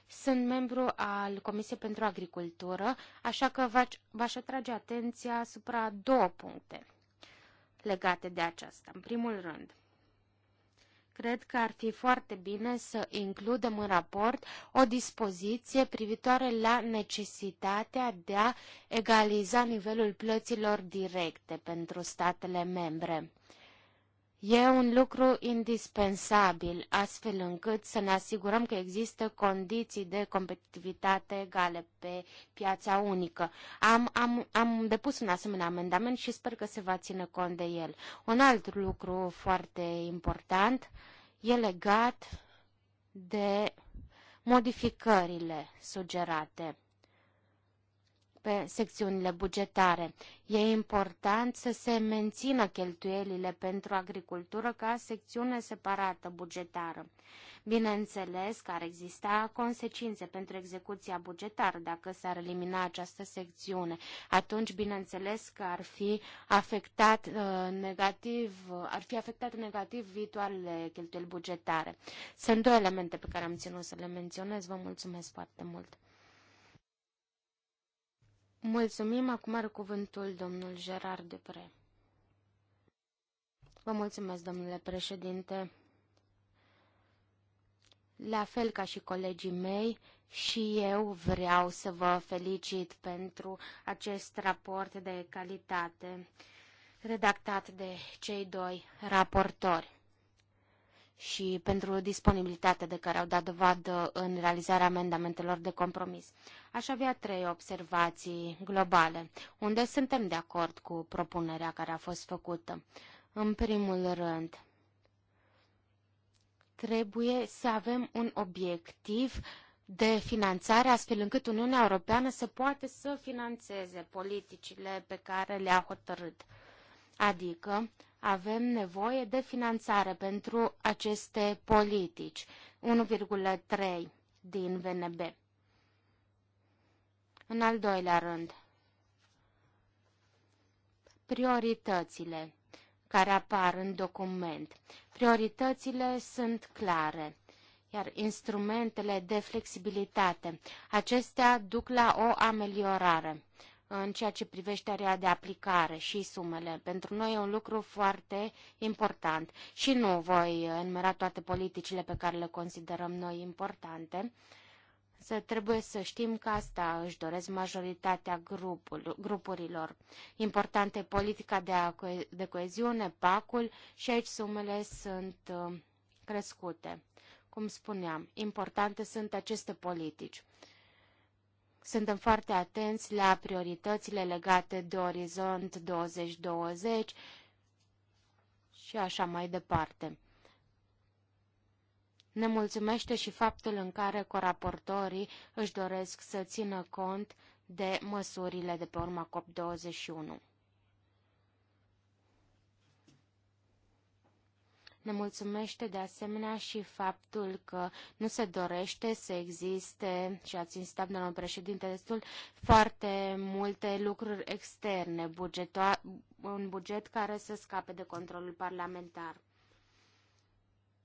Sunt membru al Comisiei pentru Agricultură, așa că v-aș atrage atenția asupra două puncte legate de aceasta. În primul rând, cred că ar fi foarte bine să includem în raport o dispoziție privitoare la necesitatea de a egaliza nivelul plăților directe pentru statele membre. E un lucru indispensabil, astfel încât să ne asigurăm că există condiții de competitivitate egale pe piața unică. Am, am, am depus un asemenea amendament și sper că se va ține cont de el. Un alt lucru foarte important e legat de modificările sugerate pe secțiunile bugetare. E important să se mențină cheltuielile pentru agricultură ca secțiune separată bugetară. Bineînțeles că ar exista consecințe pentru execuția bugetară dacă s-ar elimina această secțiune. Atunci, bineînțeles că ar fi afectat uh, negativ, ar fi afectat negativ viitoarele cheltuieli bugetare. Sunt două elemente pe care am ținut să le menționez. Vă mulțumesc foarte mult! Mulțumim, acum are cuvântul domnul Gerard Depre. Vă mulțumesc, domnule președinte. La fel ca și colegii mei, și eu vreau să vă felicit pentru acest raport de calitate redactat de cei doi raportori și pentru disponibilitatea de care au dat dovadă în realizarea amendamentelor de compromis. Aș avea trei observații globale, unde suntem de acord cu propunerea care a fost făcută. În primul rând, trebuie să avem un obiectiv de finanțare, astfel încât Uniunea Europeană să poată să financeze politicile pe care le-a hotărât. Adică, avem nevoie de finanțare pentru aceste politici, 1,3 din VNB. În al doilea rând, prioritățile care apar în document. Prioritățile sunt clare, iar instrumentele de flexibilitate, acestea duc la o ameliorare în ceea ce privește area de aplicare și sumele. Pentru noi e un lucru foarte important și nu voi enumera toate politicile pe care le considerăm noi importante. Să trebuie să știm că asta își doresc majoritatea grupul, grupurilor. Importante politica de, a, de coeziune, pacul și aici sumele sunt uh, crescute. Cum spuneam, importante sunt aceste politici. Suntem foarte atenți la prioritățile legate de Orizont 2020 și așa mai departe. Ne mulțumește și faptul în care coraportorii își doresc să țină cont de măsurile de pe urma COP21. Ne mulțumește de asemenea și faptul că nu se dorește să existe, și ați insistat, domnul președinte, destul foarte multe lucruri externe, un buget care să scape de controlul parlamentar.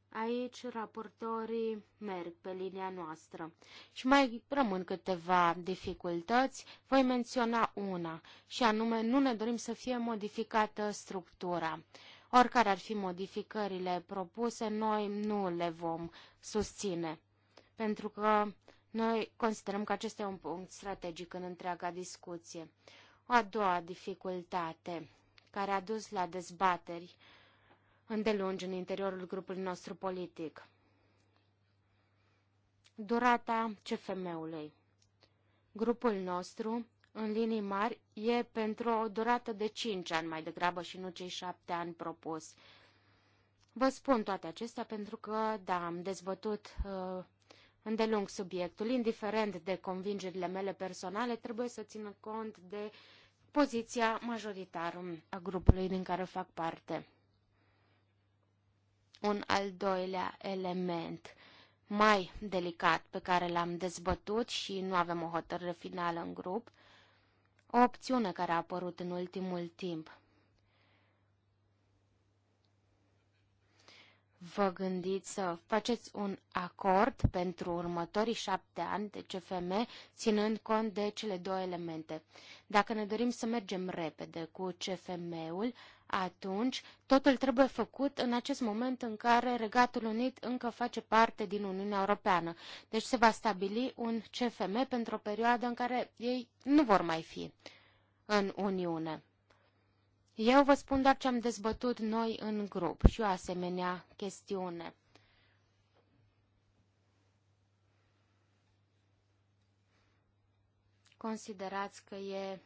Aici raportorii merg pe linia noastră și mai rămân câteva dificultăți. Voi menționa una și anume nu ne dorim să fie modificată structura. Oricare ar fi modificările propuse, noi nu le vom susține, pentru că noi considerăm că acesta e un punct strategic în întreaga discuție. O a doua dificultate care a dus la dezbateri îndelungi în interiorul grupului nostru politic. Durata CFM-ului Grupul nostru în linii mari, e pentru o durată de 5 ani mai degrabă și nu cei 7 ani propus. Vă spun toate acestea pentru că, da, am dezbătut uh, îndelung subiectul. Indiferent de convingerile mele personale, trebuie să țină cont de poziția majoritară a grupului din care fac parte. Un al doilea element mai delicat pe care l-am dezbătut și nu avem o hotărâre finală în grup o opțiune care a apărut în ultimul timp. Vă gândiți să faceți un acord pentru următorii șapte ani de CFM, ținând cont de cele două elemente. Dacă ne dorim să mergem repede cu CFM-ul, atunci totul trebuie făcut în acest moment în care Regatul Unit încă face parte din Uniunea Europeană. Deci se va stabili un CFM pentru o perioadă în care ei nu vor mai fi în Uniune. Eu vă spun doar ce am dezbătut noi în grup și o asemenea chestiune. Considerați că e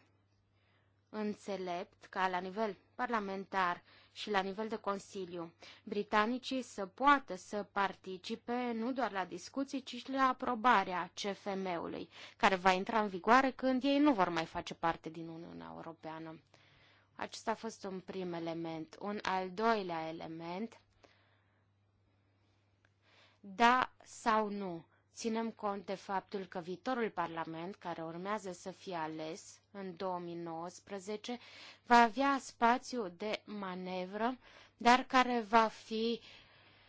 înțelept ca la nivel parlamentar și la nivel de Consiliu. Britanicii să poată să participe nu doar la discuții, ci și la aprobarea CFM-ului, care va intra în vigoare când ei nu vor mai face parte din Uniunea Europeană. Acesta a fost un prim element. Un al doilea element, da sau nu ținem cont de faptul că viitorul Parlament, care urmează să fie ales în 2019, va avea spațiu de manevră, dar care va fi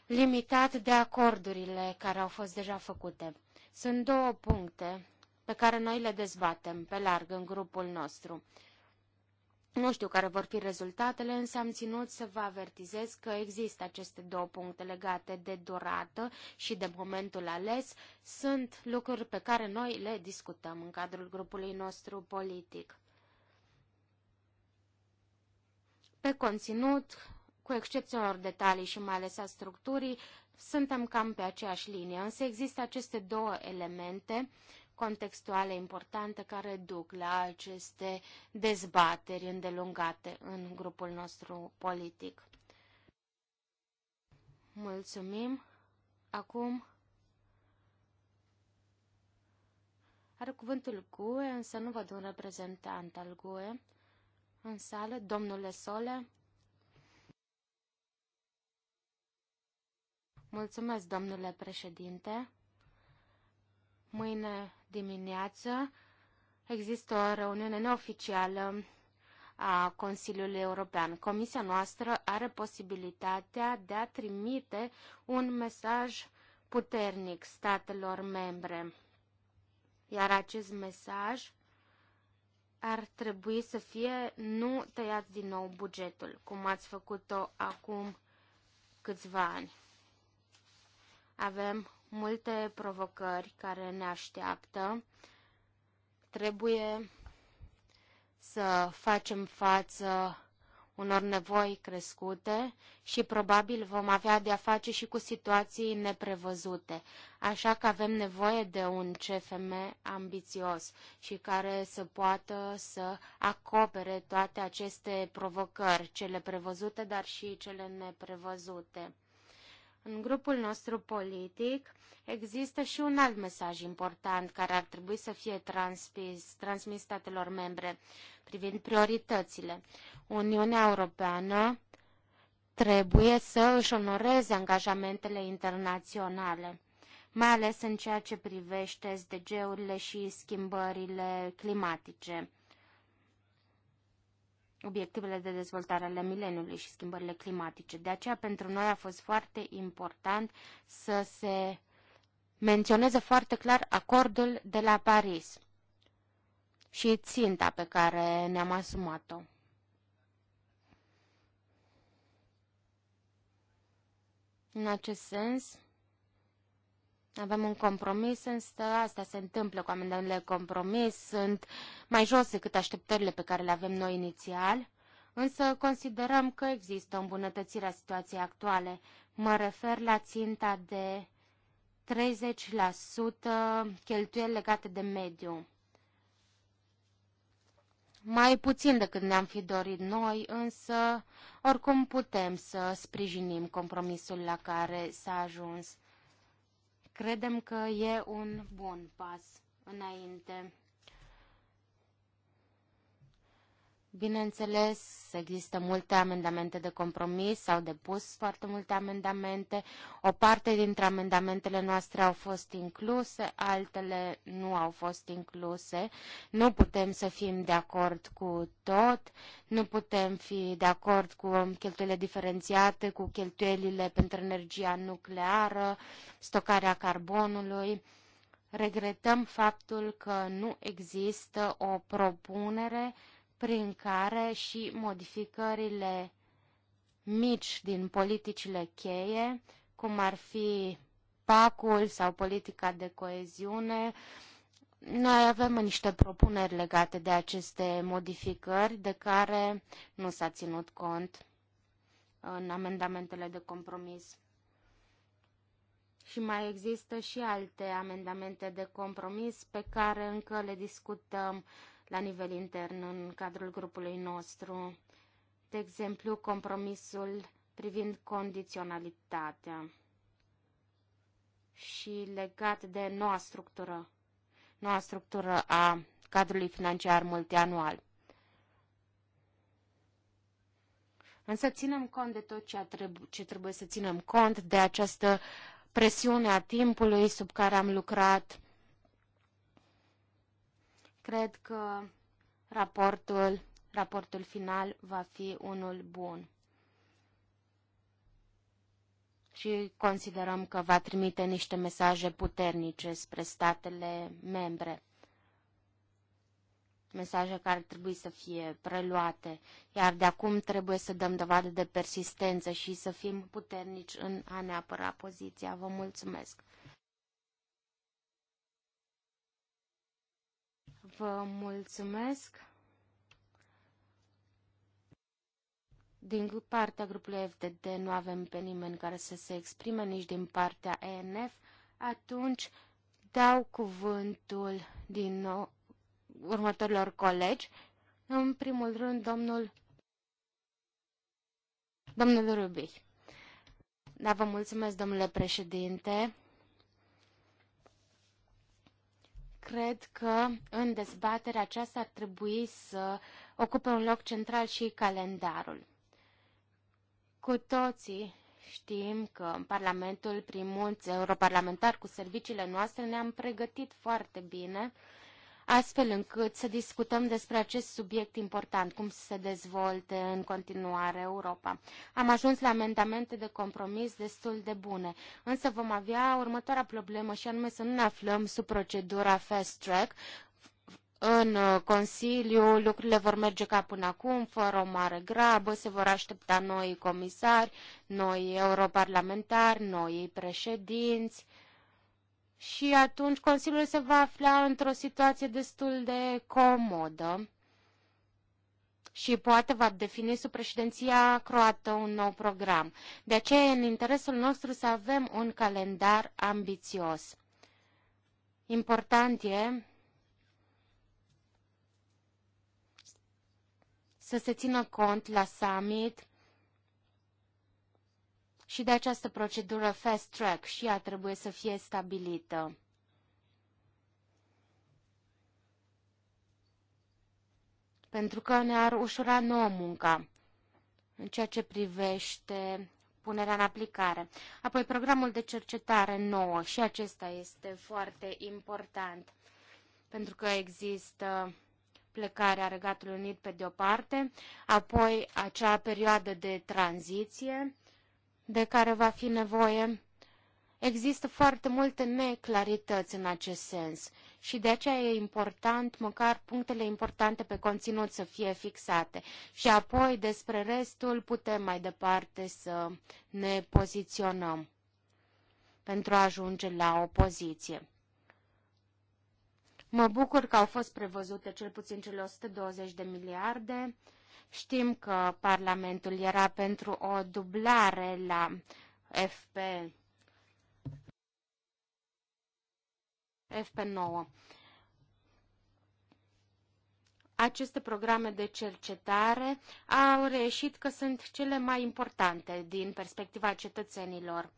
limitat de acordurile care au fost deja făcute. Sunt două puncte pe care noi le dezbatem pe larg în grupul nostru. Nu știu care vor fi rezultatele, însă am ținut să vă avertizez că există aceste două puncte legate de durată și de momentul ales. Sunt lucruri pe care noi le discutăm în cadrul grupului nostru politic. Pe conținut, cu excepția unor detalii și mai ales a structurii, suntem cam pe aceeași linie, însă există aceste două elemente contextuale importante care duc la aceste dezbateri îndelungate în grupul nostru politic. Mulțumim. Acum are cuvântul GUE, însă nu văd un reprezentant al GUE în sală. Domnule Sole. Mulțumesc, domnule președinte. Mâine dimineață există o reuniune neoficială a Consiliului European. Comisia noastră are posibilitatea de a trimite un mesaj puternic statelor membre. Iar acest mesaj ar trebui să fie nu tăiați din nou bugetul, cum ați făcut-o acum câțiva ani. Avem multe provocări care ne așteaptă. Trebuie să facem față unor nevoi crescute și probabil vom avea de-a face și cu situații neprevăzute. Așa că avem nevoie de un CFM ambițios și care să poată să acopere toate aceste provocări, cele prevăzute, dar și cele neprevăzute. În grupul nostru politic există și un alt mesaj important care ar trebui să fie transmis, transmis statelor membre privind prioritățile. Uniunea Europeană trebuie să își onoreze angajamentele internaționale mai ales în ceea ce privește SDG-urile și schimbările climatice obiectivele de dezvoltare ale mileniului și schimbările climatice. De aceea, pentru noi a fost foarte important să se menționeze foarte clar acordul de la Paris și ținta pe care ne-am asumat-o. În acest sens, avem un compromis, însă asta se întâmplă cu amendamentele compromis, sunt mai jos decât așteptările pe care le avem noi inițial, însă considerăm că există o îmbunătățire a situației actuale. Mă refer la ținta de 30% cheltuieli legate de mediu. Mai puțin decât ne-am fi dorit noi, însă oricum putem să sprijinim compromisul la care s-a ajuns. Credem că e un bun pas înainte. Bineînțeles, există multe amendamente de compromis, s-au depus foarte multe amendamente. O parte dintre amendamentele noastre au fost incluse, altele nu au fost incluse. Nu putem să fim de acord cu tot, nu putem fi de acord cu cheltuielile diferențiate, cu cheltuielile pentru energia nucleară, stocarea carbonului. Regretăm faptul că nu există o propunere prin care și modificările mici din politicile cheie, cum ar fi PAC-ul sau politica de coeziune, noi avem niște propuneri legate de aceste modificări de care nu s-a ținut cont în amendamentele de compromis. Și mai există și alte amendamente de compromis pe care încă le discutăm la nivel intern în cadrul grupului nostru, de exemplu compromisul privind condiționalitatea și legat de noua structură, noua structură a cadrului financiar multianual. Însă ținem cont de tot ce, trebu- ce trebuie să ținem cont, de această presiune a timpului sub care am lucrat Cred că raportul, raportul final va fi unul bun. Și considerăm că va trimite niște mesaje puternice spre statele membre mesaje care trebuie să fie preluate, iar de acum trebuie să dăm dovadă de persistență și să fim puternici în a ne apăra poziția. Vă mulțumesc! Vă mulțumesc. Din partea grupului FDD nu avem pe nimeni care să se exprime, nici din partea ENF. Atunci dau cuvântul din nou următorilor colegi. În primul rând, domnul, domnul Rubi. Da, vă mulțumesc, domnule președinte. cred că în dezbaterea aceasta ar trebui să ocupe un loc central și calendarul. Cu toții știm că în Parlamentul, prin mulți europarlamentari cu serviciile noastre, ne-am pregătit foarte bine uh, astfel încât să discutăm despre acest subiect important, cum să se dezvolte în continuare Europa. Am ajuns la amendamente de compromis destul de bune, însă vom avea următoarea problemă și anume să nu ne aflăm sub procedura fast track, în uh, Consiliu lucrurile vor merge ca până acum, fără o mare grabă, se vor aștepta noi comisari, noi europarlamentari, noi președinți, și atunci Consiliul se va afla într-o situație destul de comodă și poate va defini sub președinția croată un nou program. De aceea e în interesul nostru să avem un calendar ambițios. Important e să se țină cont la summit și de această procedură fast track și ea trebuie să fie stabilită. Pentru că ne-ar ușura nouă munca în ceea ce privește punerea în aplicare. Apoi programul de cercetare nouă și acesta este foarte important pentru că există plecarea Regatului Unit pe de o parte, apoi acea perioadă de tranziție de care va fi nevoie. Există foarte multe neclarități în acest sens și de aceea e important, măcar punctele importante pe conținut să fie fixate și apoi despre restul putem mai departe să ne poziționăm pentru a ajunge la o poziție. Mă bucur că au fost prevăzute cel puțin cele 120 de miliarde Știm că Parlamentul era pentru o dublare la FP FP9. Aceste programe de cercetare au reușit că sunt cele mai importante din perspectiva cetățenilor.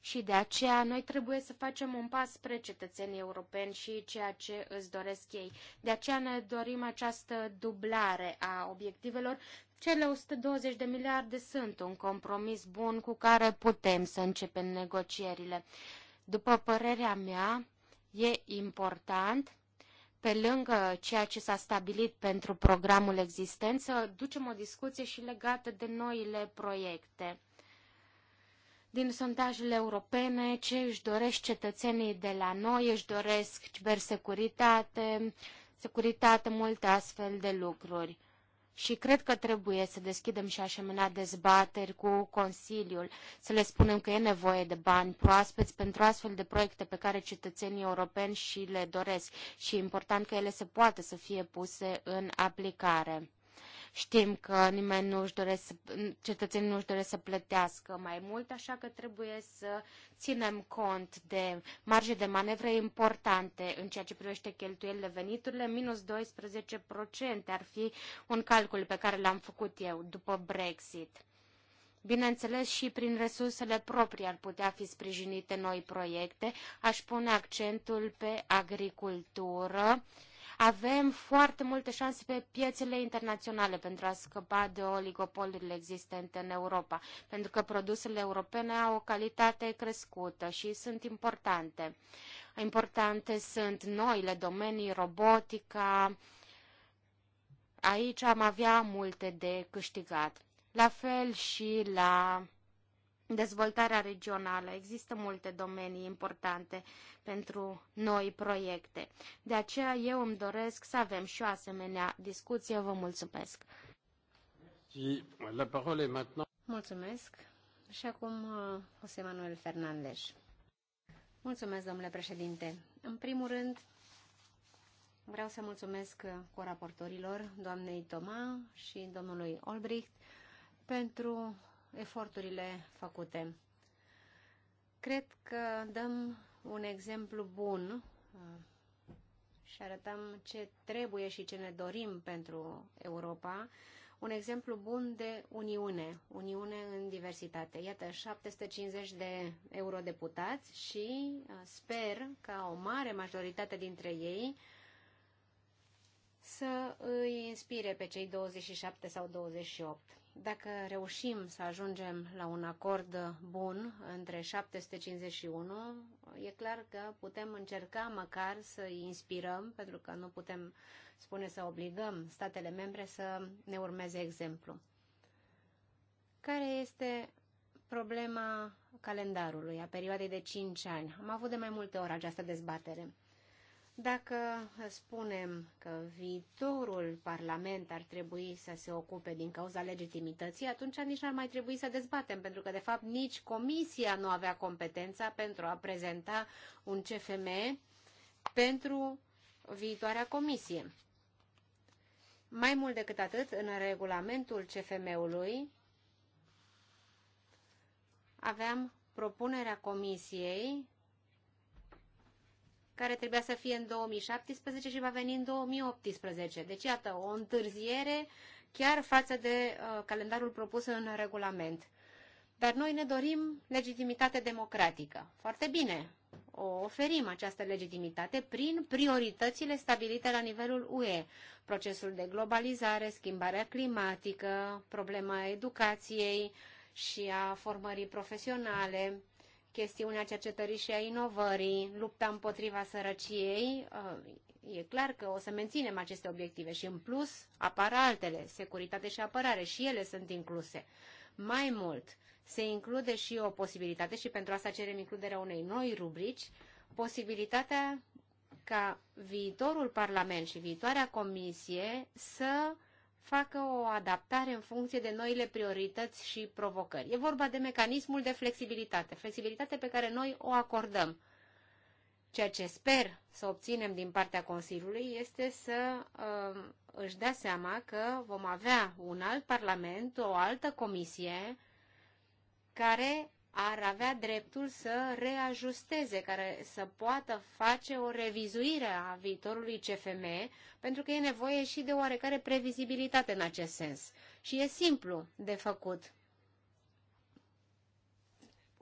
Și de aceea noi trebuie să facem un pas spre cetățenii europeni și ceea ce îți doresc ei. De aceea ne dorim această dublare a obiectivelor. Cele 120 de miliarde sunt un compromis bun cu care putem să începem negocierile. După părerea mea, e important pe lângă ceea ce s-a stabilit pentru programul existent, să ducem o discuție și legată de noile proiecte din sondajele europene, ce își doresc cetățenii de la noi, își doresc cibersecuritate, securitate, multe astfel de lucruri. Și cred că trebuie să deschidem și asemenea dezbateri cu Consiliul, să le spunem că e nevoie de bani proaspeți pentru astfel de proiecte pe care cetățenii europeni și le doresc și e important că ele se poate să fie puse în aplicare. Știm că nimeni nu își doresc să, cetățenii nu își doresc să plătească mai mult, așa că trebuie să ținem cont de marge de manevră importante în ceea ce privește cheltuielile veniturile. Minus 12% ar fi un calcul pe care l-am făcut eu după Brexit. Bineînțeles, și prin resursele proprii ar putea fi sprijinite noi proiecte. Aș pune accentul pe agricultură, uh, avem foarte multe șanse pe piețele internaționale pentru a scăpa de oligopolurile existente în Europa, pentru că produsele europene au o calitate crescută și sunt importante. Importante sunt noile domenii, robotica. Aici am avea multe de câștigat. La fel și la dezvoltarea regională. Există multe domenii importante pentru noi proiecte. De aceea eu îmi doresc să avem și o asemenea discuție. Vă mulțumesc. Mulțumesc. Și acum uh, José Manuel Fernandez. Mulțumesc, domnule președinte. În primul rând, vreau să mulțumesc uh, coraportorilor, doamnei Toma și domnului Olbricht, pentru eforturile făcute. Cred că dăm un exemplu bun uh, și arătăm ce trebuie și ce ne dorim pentru Europa, un exemplu bun de Uniune, Uniune în diversitate. Iată, 750 de eurodeputați și uh, sper ca o mare majoritate dintre ei să îi inspire pe cei 27 sau 28 dacă reușim să ajungem la un acord bun între 751, e clar că putem încerca măcar să inspirăm, pentru că nu putem spune să obligăm statele membre să ne urmeze exemplu. Care este problema calendarului, a perioadei de 5 ani? Am avut de mai multe ori această dezbatere. Dacă spunem că viitorul Parlament ar trebui să se ocupe din cauza legitimității, atunci nici n-ar mai trebui să dezbatem, pentru că, de fapt, nici Comisia nu avea competența pentru a prezenta un CFM pentru viitoarea Comisie. Mai mult decât atât, în regulamentul CFM-ului aveam propunerea Comisiei care trebuia să fie în 2017 și va veni în 2018. Deci, iată, o întârziere chiar față de uh, calendarul propus în regulament. Dar noi ne dorim legitimitate democratică. Foarte bine, o oferim această legitimitate prin prioritățile stabilite la nivelul UE. Procesul de globalizare, schimbarea climatică, problema educației și a formării profesionale, chestiunea cercetării și a inovării, lupta împotriva sărăciei, uh, e clar că o să menținem aceste obiective și în plus apar altele, securitate și apărare, și ele sunt incluse. Mai mult, se include și o posibilitate și pentru asta cerem includerea unei noi rubrici, posibilitatea ca viitorul Parlament și viitoarea Comisie să facă o adaptare în funcție de noile priorități și provocări. E vorba de mecanismul de flexibilitate, flexibilitate pe care noi o acordăm. Ceea ce sper să obținem din partea Consiliului este să uh, își dea seama că vom avea un alt parlament, o altă comisie care ar avea dreptul să reajusteze, care să poată face o revizuire a viitorului CFM, pentru că e nevoie și de oarecare previzibilitate în acest sens. Și e simplu de făcut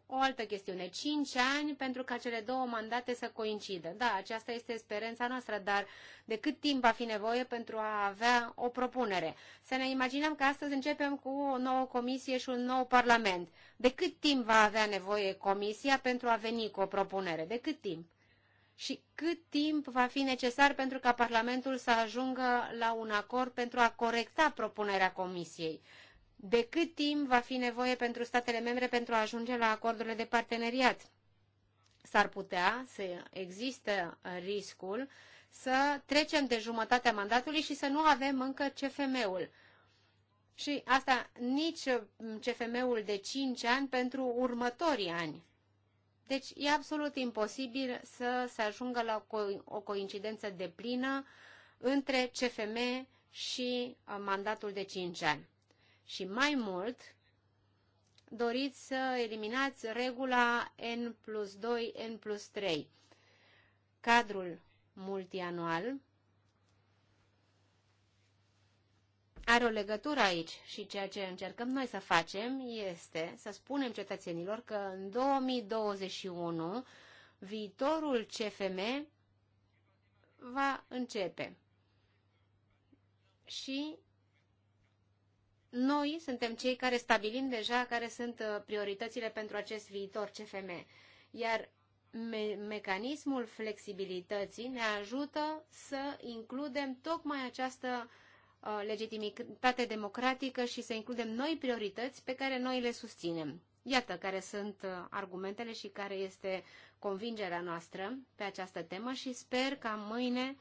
o altă chestiune, 5 ani pentru ca cele două mandate să coincidă. Da, aceasta este speranța noastră, dar de cât timp va fi nevoie pentru a avea o propunere? Să ne imaginăm că astăzi începem cu o nouă comisie și un nou parlament. De cât timp va avea nevoie comisia pentru a veni cu o propunere? De cât timp? și cât timp va fi necesar pentru ca Parlamentul să ajungă la un acord pentru a corecta propunerea Comisiei de cât timp va fi nevoie pentru statele membre pentru a ajunge la acordurile de parteneriat. S-ar putea să există riscul să trecem de jumătatea mandatului și să nu avem încă CFM-ul. Și asta nici CFM-ul de 5 ani pentru următorii ani. Deci e absolut imposibil să se ajungă la o coincidență deplină între CFM și uh, mandatul de 5 ani. Și mai mult, doriți să eliminați regula N plus 2, N plus 3. Cadrul multianual are o legătură aici și ceea ce încercăm noi să facem este să spunem cetățenilor că în 2021 viitorul CFM va începe. Și noi suntem cei care stabilim deja care sunt uh, prioritățile pentru acest viitor CFM. Iar me- mecanismul flexibilității ne ajută să includem tocmai această uh, legitimitate democratică și să includem noi priorități pe care noi le susținem. Iată care sunt uh, argumentele și care este convingerea noastră pe această temă și sper ca mâine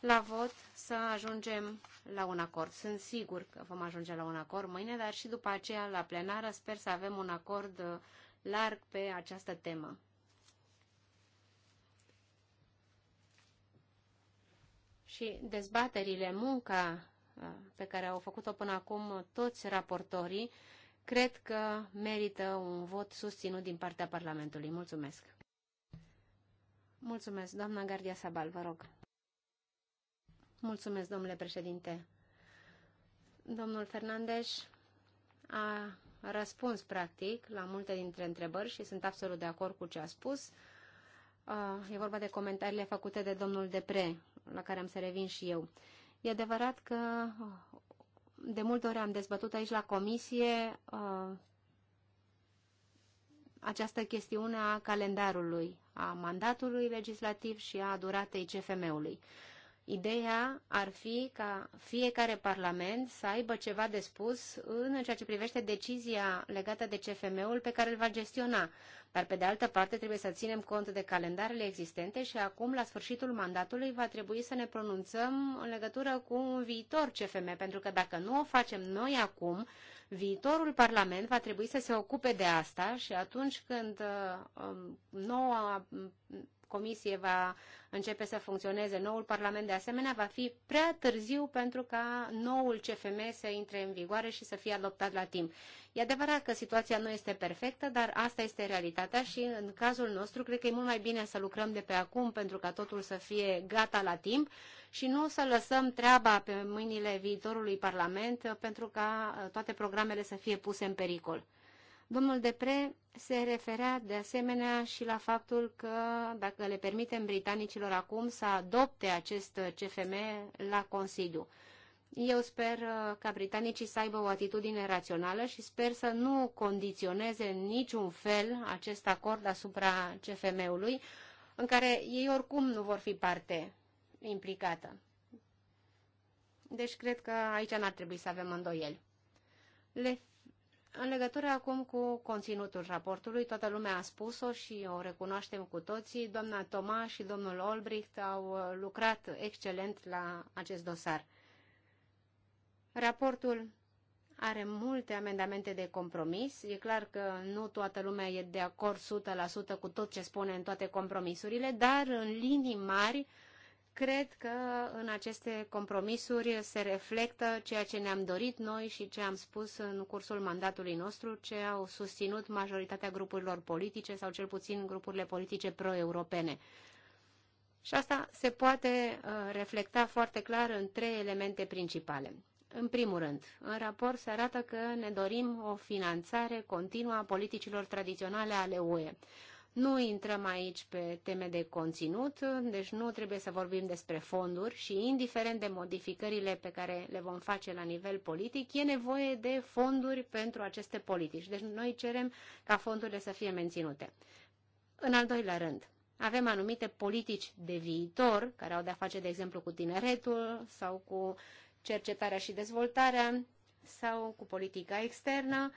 la vot să ajungem la un acord. Sunt sigur că vom ajunge la un acord mâine, dar și după aceea la plenară sper să avem un acord uh, larg pe această temă. Și dezbaterile, munca uh, pe care au făcut-o până acum toți raportorii, cred că merită un vot susținut din partea Parlamentului. Mulțumesc! Mulțumesc, doamna Gardia Sabal, vă rog. Mulțumesc, domnule președinte. Domnul Fernandez a răspuns, practic, la multe dintre întrebări și sunt absolut de acord cu ce a spus. E vorba de comentariile făcute de domnul Depre, la care am să revin și eu. E adevărat că de multe ori am dezbătut aici la comisie această chestiune a calendarului, a mandatului legislativ și a duratei CFM-ului. Ideea ar fi ca fiecare parlament să aibă ceva de spus în ceea ce privește decizia legată de CFM-ul pe care îl va gestiona. Dar, pe de altă parte, trebuie să ținem cont de calendarele existente și acum, la sfârșitul mandatului, va trebui să ne pronunțăm în legătură cu un viitor CFM, pentru că dacă nu o facem noi acum, viitorul Parlament va trebui să se ocupe de asta și atunci când uh, um, noua comisie va începe să funcționeze, noul Parlament de asemenea, va fi prea târziu pentru ca noul CFM să intre în vigoare și să fie adoptat la timp. E adevărat că situația nu este perfectă, dar asta este realitatea și în cazul nostru cred că e mult mai bine să lucrăm de pe acum pentru ca totul să fie gata la timp și nu să lăsăm treaba pe mâinile viitorului Parlament pentru ca toate programele să fie puse în pericol. Domnul Depre se referea de asemenea și la faptul că dacă le permitem britanicilor acum să adopte acest CFM la Consiliu. Eu sper uh, ca britanicii să aibă o atitudine rațională și sper să nu condiționeze în niciun fel acest acord asupra CFM-ului, în care ei oricum nu vor fi parte implicată. Deci cred că aici n-ar trebui să avem îndoieli. Le în legătură acum cu conținutul raportului, toată lumea a spus-o și o recunoaștem cu toții. Doamna Toma și domnul Olbricht au uh, lucrat excelent la acest dosar. Raportul are multe amendamente de compromis. E clar că nu toată lumea e de acord 100% cu tot ce spune în toate compromisurile, dar în linii mari Cred că în aceste compromisuri se reflectă ceea ce ne-am dorit noi și ce am spus în cursul mandatului nostru, ce au susținut majoritatea grupurilor politice sau cel puțin grupurile politice pro-europene. Și asta se poate uh, reflecta foarte clar în trei elemente principale. În primul rând, în raport se arată că ne dorim o finanțare continuă a politicilor tradiționale ale UE. Nu intrăm aici pe teme de conținut, deci nu trebuie să vorbim despre fonduri și indiferent de modificările pe care le vom face la nivel politic, e nevoie de fonduri pentru aceste politici. Deci noi cerem ca fondurile să fie menținute. În al doilea rând, avem anumite politici de viitor care au de-a face, de exemplu, cu tineretul sau cu cercetarea și dezvoltarea sau cu politica externă.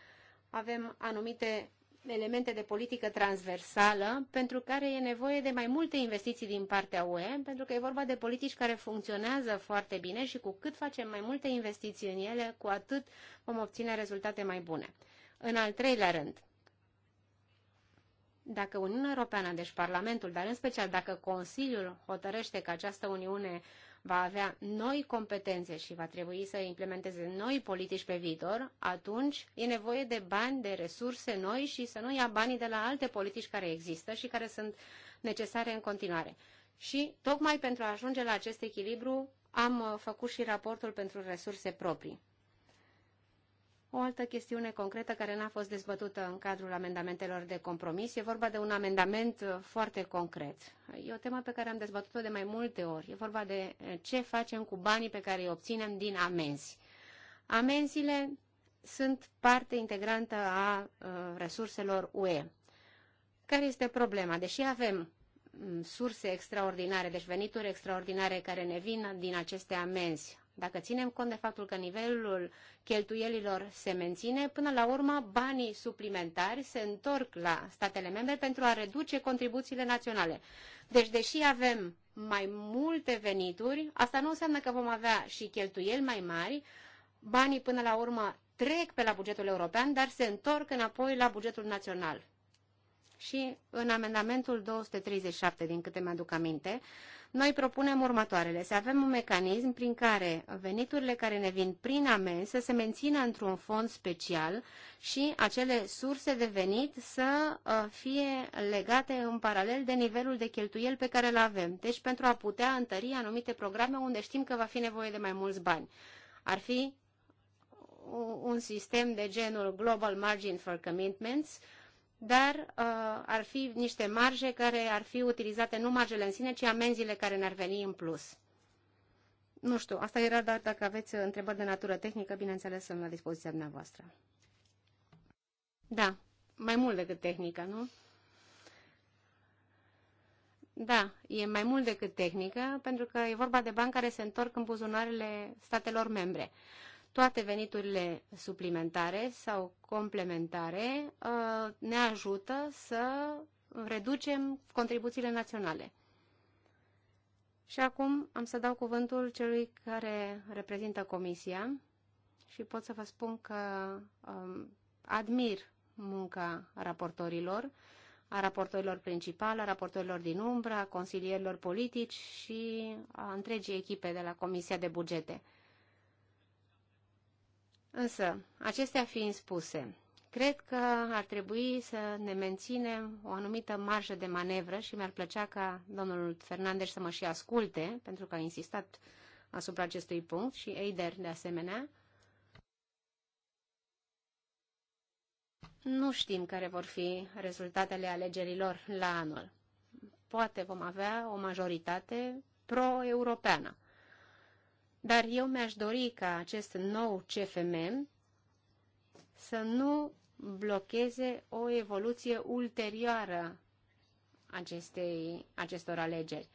Avem anumite elemente de politică transversală pentru care e nevoie de mai multe investiții din partea UE, pentru că e vorba de politici care funcționează foarte bine și cu cât facem mai multe investiții în ele, cu atât vom obține rezultate mai bune. În al treilea rând, dacă Uniunea Europeană, deci Parlamentul, dar în special dacă Consiliul hotărăște că această Uniune uh, va avea noi competențe și va trebui să implementeze noi politici pe viitor, atunci e nevoie de bani, de resurse noi și să nu ia banii de la alte politici care există și care sunt necesare în continuare. Și tocmai pentru a ajunge la acest echilibru am uh, făcut și raportul pentru resurse proprii. O altă chestiune concretă care n-a fost dezbătută în cadrul amendamentelor de compromis e vorba de un amendament uh, foarte concret. E o temă pe care am dezbătut-o de mai multe ori. E vorba de uh, ce facem cu banii pe care îi obținem din amenzi. Amenzile sunt parte integrantă a, a uh, resurselor UE. Care este problema? Deși avem mm, surse extraordinare, deci venituri extraordinare care ne vin din aceste amenzi, dacă ținem cont de faptul că nivelul cheltuielilor se menține, până la urmă banii suplimentari se întorc la statele membre pentru a reduce contribuțiile naționale. Deci, deși avem mai multe venituri, asta nu înseamnă că vom avea și cheltuieli mai mari, banii până la urmă trec pe la bugetul european, dar se întorc înapoi la bugetul național. Și în amendamentul 237, din câte mi-aduc aminte, noi propunem următoarele. Să avem un mecanism prin care veniturile care ne vin prin amenzi să se mențină într-un fond special și acele surse de venit să uh, fie legate în paralel de nivelul de cheltuieli pe care îl avem. Deci pentru a putea întări anumite programe unde știm că va fi nevoie de mai mulți bani. Ar fi un sistem de genul Global Margin for Commitments, uh, dar uh, ar fi niște marje care ar fi utilizate nu marjele în sine, ci amenziile care ne-ar veni în plus. Nu știu, asta era, dar dacă aveți întrebări de natură tehnică, bineînțeles, sunt la dispoziția dumneavoastră. Da, mai mult decât tehnică, nu? Da, e mai mult decât tehnică, pentru că e vorba de bani care se întorc în buzunarele statelor membre toate veniturile suplimentare sau complementare uh, ne ajută să reducem contribuțiile naționale. Și acum am să dau cuvântul celui care reprezintă comisia și pot să vă spun că um, admir munca raportorilor, a raportorilor principali, a raportorilor din umbră, a consilierilor politici și a întregii echipe de la Comisia de Bugete. Însă, acestea fiind spuse, cred că ar trebui să ne menținem o anumită marjă de manevră și mi-ar plăcea ca domnul Fernandez să mă și asculte, pentru că a insistat asupra acestui punct și Eider de asemenea. Nu știm care vor fi rezultatele alegerilor la anul. Poate vom avea o majoritate pro-europeană. Dar eu mi-aș dori ca acest nou CFM să nu blocheze o evoluție ulterioară acestei, acestor alegeri.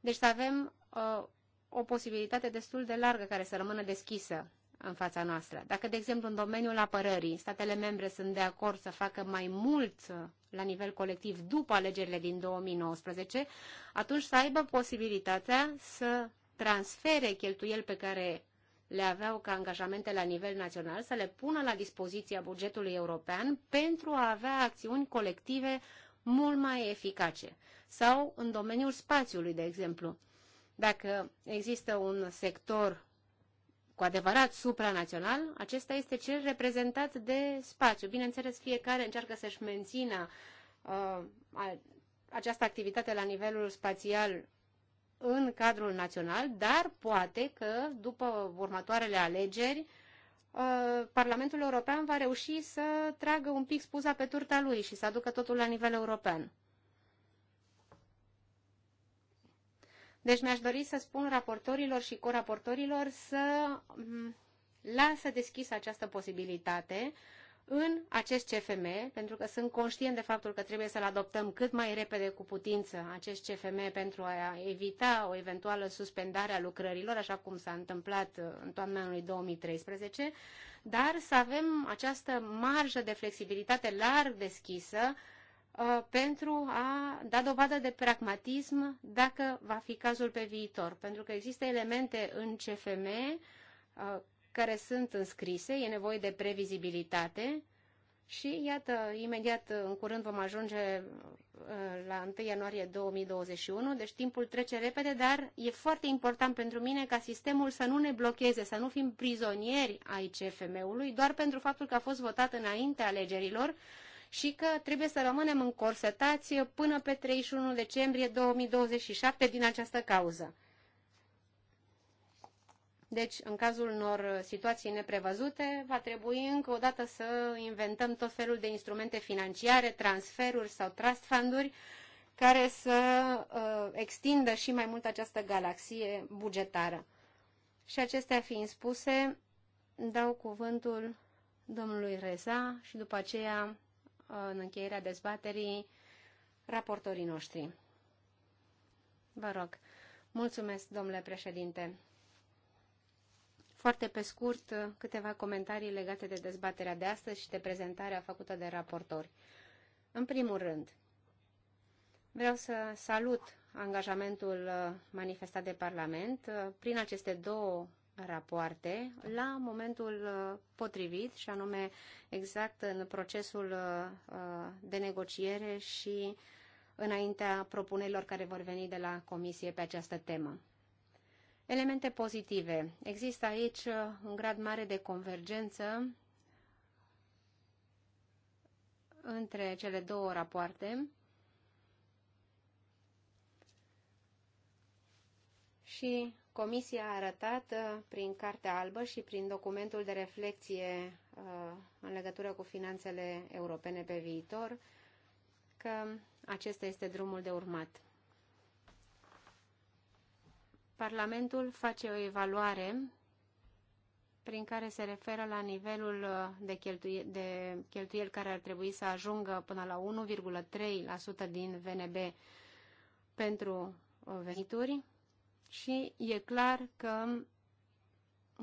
Deci să avem uh, o posibilitate destul de largă care să rămână deschisă în fața noastră. Dacă, de exemplu, în domeniul apărării, statele membre sunt de acord să facă mai mult ă, la nivel colectiv după alegerile din 2019, atunci să aibă posibilitatea să transfere cheltuieli pe care le aveau ca angajamente la nivel național, să le pună la dispoziția bugetului european pentru a avea acțiuni colective mult mai eficace. Sau în domeniul spațiului, de exemplu. Dacă există un sector cu adevărat supranațional, acesta este cel reprezentat de spațiu. Bineînțeles, fiecare încearcă să-și mențină uh, această activitate la nivelul spațial în cadrul național, dar poate că după următoarele alegeri uh, Parlamentul European va reuși să tragă un pic spuza pe turta lui și să aducă totul la nivel european. Deci mi-aș dori să spun raportorilor și coraportorilor să mm, lasă deschisă această posibilitate în acest CFM, pentru că sunt conștient de faptul că trebuie să-l adoptăm cât mai repede cu putință, acest CFM, pentru a evita o eventuală suspendare a lucrărilor, așa cum s-a întâmplat uh, în toamna anului 2013, dar să avem această marjă de flexibilitate larg deschisă uh, pentru a da dovadă de pragmatism dacă va fi cazul pe viitor. Pentru că există elemente în CFM uh, care sunt înscrise, e nevoie de previzibilitate și iată, imediat în curând vom ajunge uh, la 1 ianuarie 2021, deci timpul trece repede, dar e foarte important pentru mine ca sistemul să nu ne blocheze, să nu fim prizonieri ai CFM-ului, doar pentru faptul că a fost votat înainte alegerilor și că trebuie să rămânem încorsetați până pe 31 decembrie 2027 din această cauză. Deci, în cazul unor situații neprevăzute, va trebui încă o dată să inventăm tot felul de instrumente financiare, transferuri sau trust funduri care să uh, extindă și mai mult această galaxie bugetară. Și acestea fiind spuse, dau cuvântul domnului Reza și după aceea, uh, în încheierea dezbaterii, raportorii noștri. Vă rog. Mulțumesc, domnule președinte. Foarte pe scurt, câteva comentarii legate de dezbaterea de astăzi și de prezentarea făcută de raportori. În primul rând, vreau să salut angajamentul uh, manifestat de Parlament uh, prin aceste două rapoarte la momentul uh, potrivit și anume exact în procesul de negociere și înaintea propunerilor care vor veni de la Comisie pe această temă. Elemente pozitive. Există aici uh, un grad mare de convergență între cele două rapoarte și Comisia a arătat uh, prin Cartea Albă și prin documentul de reflexie uh, în legătură cu finanțele europene pe viitor că acesta este drumul de urmat. Parlamentul face o evaluare prin care se referă la nivelul uh, de, cheltuie, de cheltuieli care ar trebui să ajungă până la 1,3% din VNB pentru uh, venituri și e clar că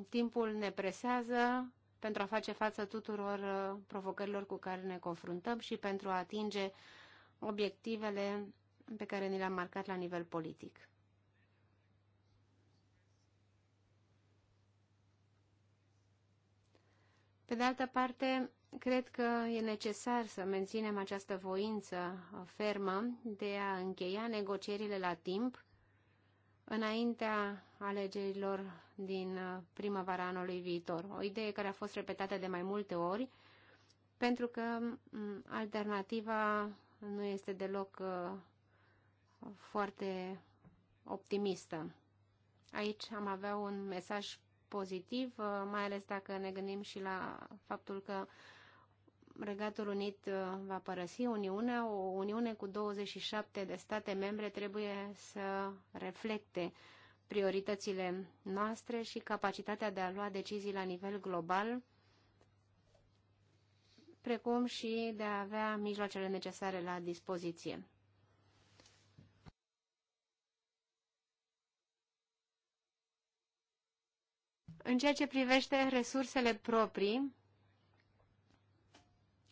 timpul ne presează pentru a face față tuturor uh, provocărilor cu care ne confruntăm și pentru a atinge obiectivele pe care ni le-am marcat la nivel politic. Pe de altă parte, cred că e necesar să menținem această voință fermă de a încheia negocierile la timp, înaintea alegerilor din uh, primăvara anului viitor. O idee care a fost repetată de mai multe ori, pentru că mm, alternativa nu este deloc uh, foarte optimistă. Aici am avea un mesaj pozitiv, uh, mai ales dacă ne gândim și la faptul că Regatul Unit uh, va părăsi Uniunea, o Uniune cu 27 de state membre trebuie să reflecte prioritățile noastre și capacitatea de a lua decizii la nivel global, precum și de a avea mijloacele necesare la dispoziție. În ceea ce privește resursele proprii,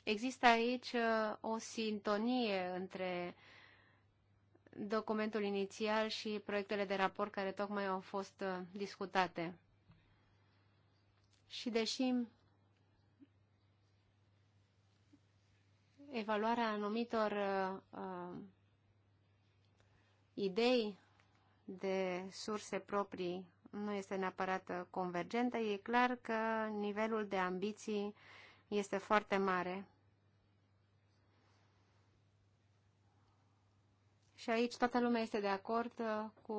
există aici uh, o sintonie între documentul inițial și proiectele de raport care tocmai au fost uh, discutate. Și deși evaluarea anumitor uh, uh idei de surse proprii nu este neapărat uh, convergentă, e clar că nivelul de ambiții este foarte mare. Și aici toată lumea este de acord uh, cu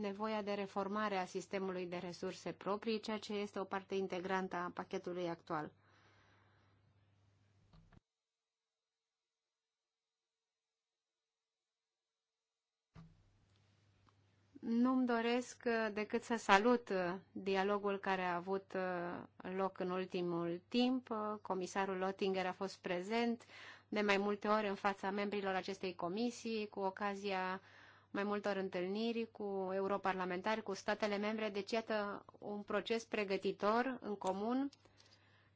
nevoia de reformare a sistemului de resurse proprii, ceea ce este o parte integrantă a pachetului actual. Nu-mi doresc uh, decât să salut uh, dialogul care a avut uh, loc în ultimul timp. Comisarul Lottinger a fost prezent de mai multe ori în fața membrilor acestei comisii, cu ocazia mai multor întâlniri cu europarlamentari, cu statele membre. Deci, iată, un proces pregătitor în comun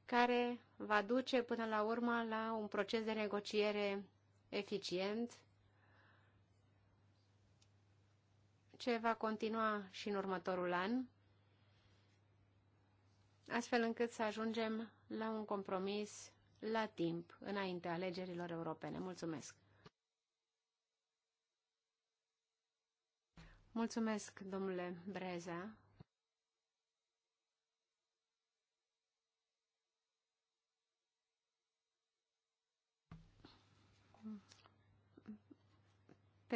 care va duce până la urmă la un proces de negociere eficient ce va continua și în următorul an, astfel încât să ajungem la un compromis la timp, înainte alegerilor europene. Mulțumesc! Mulțumesc, domnule Breza.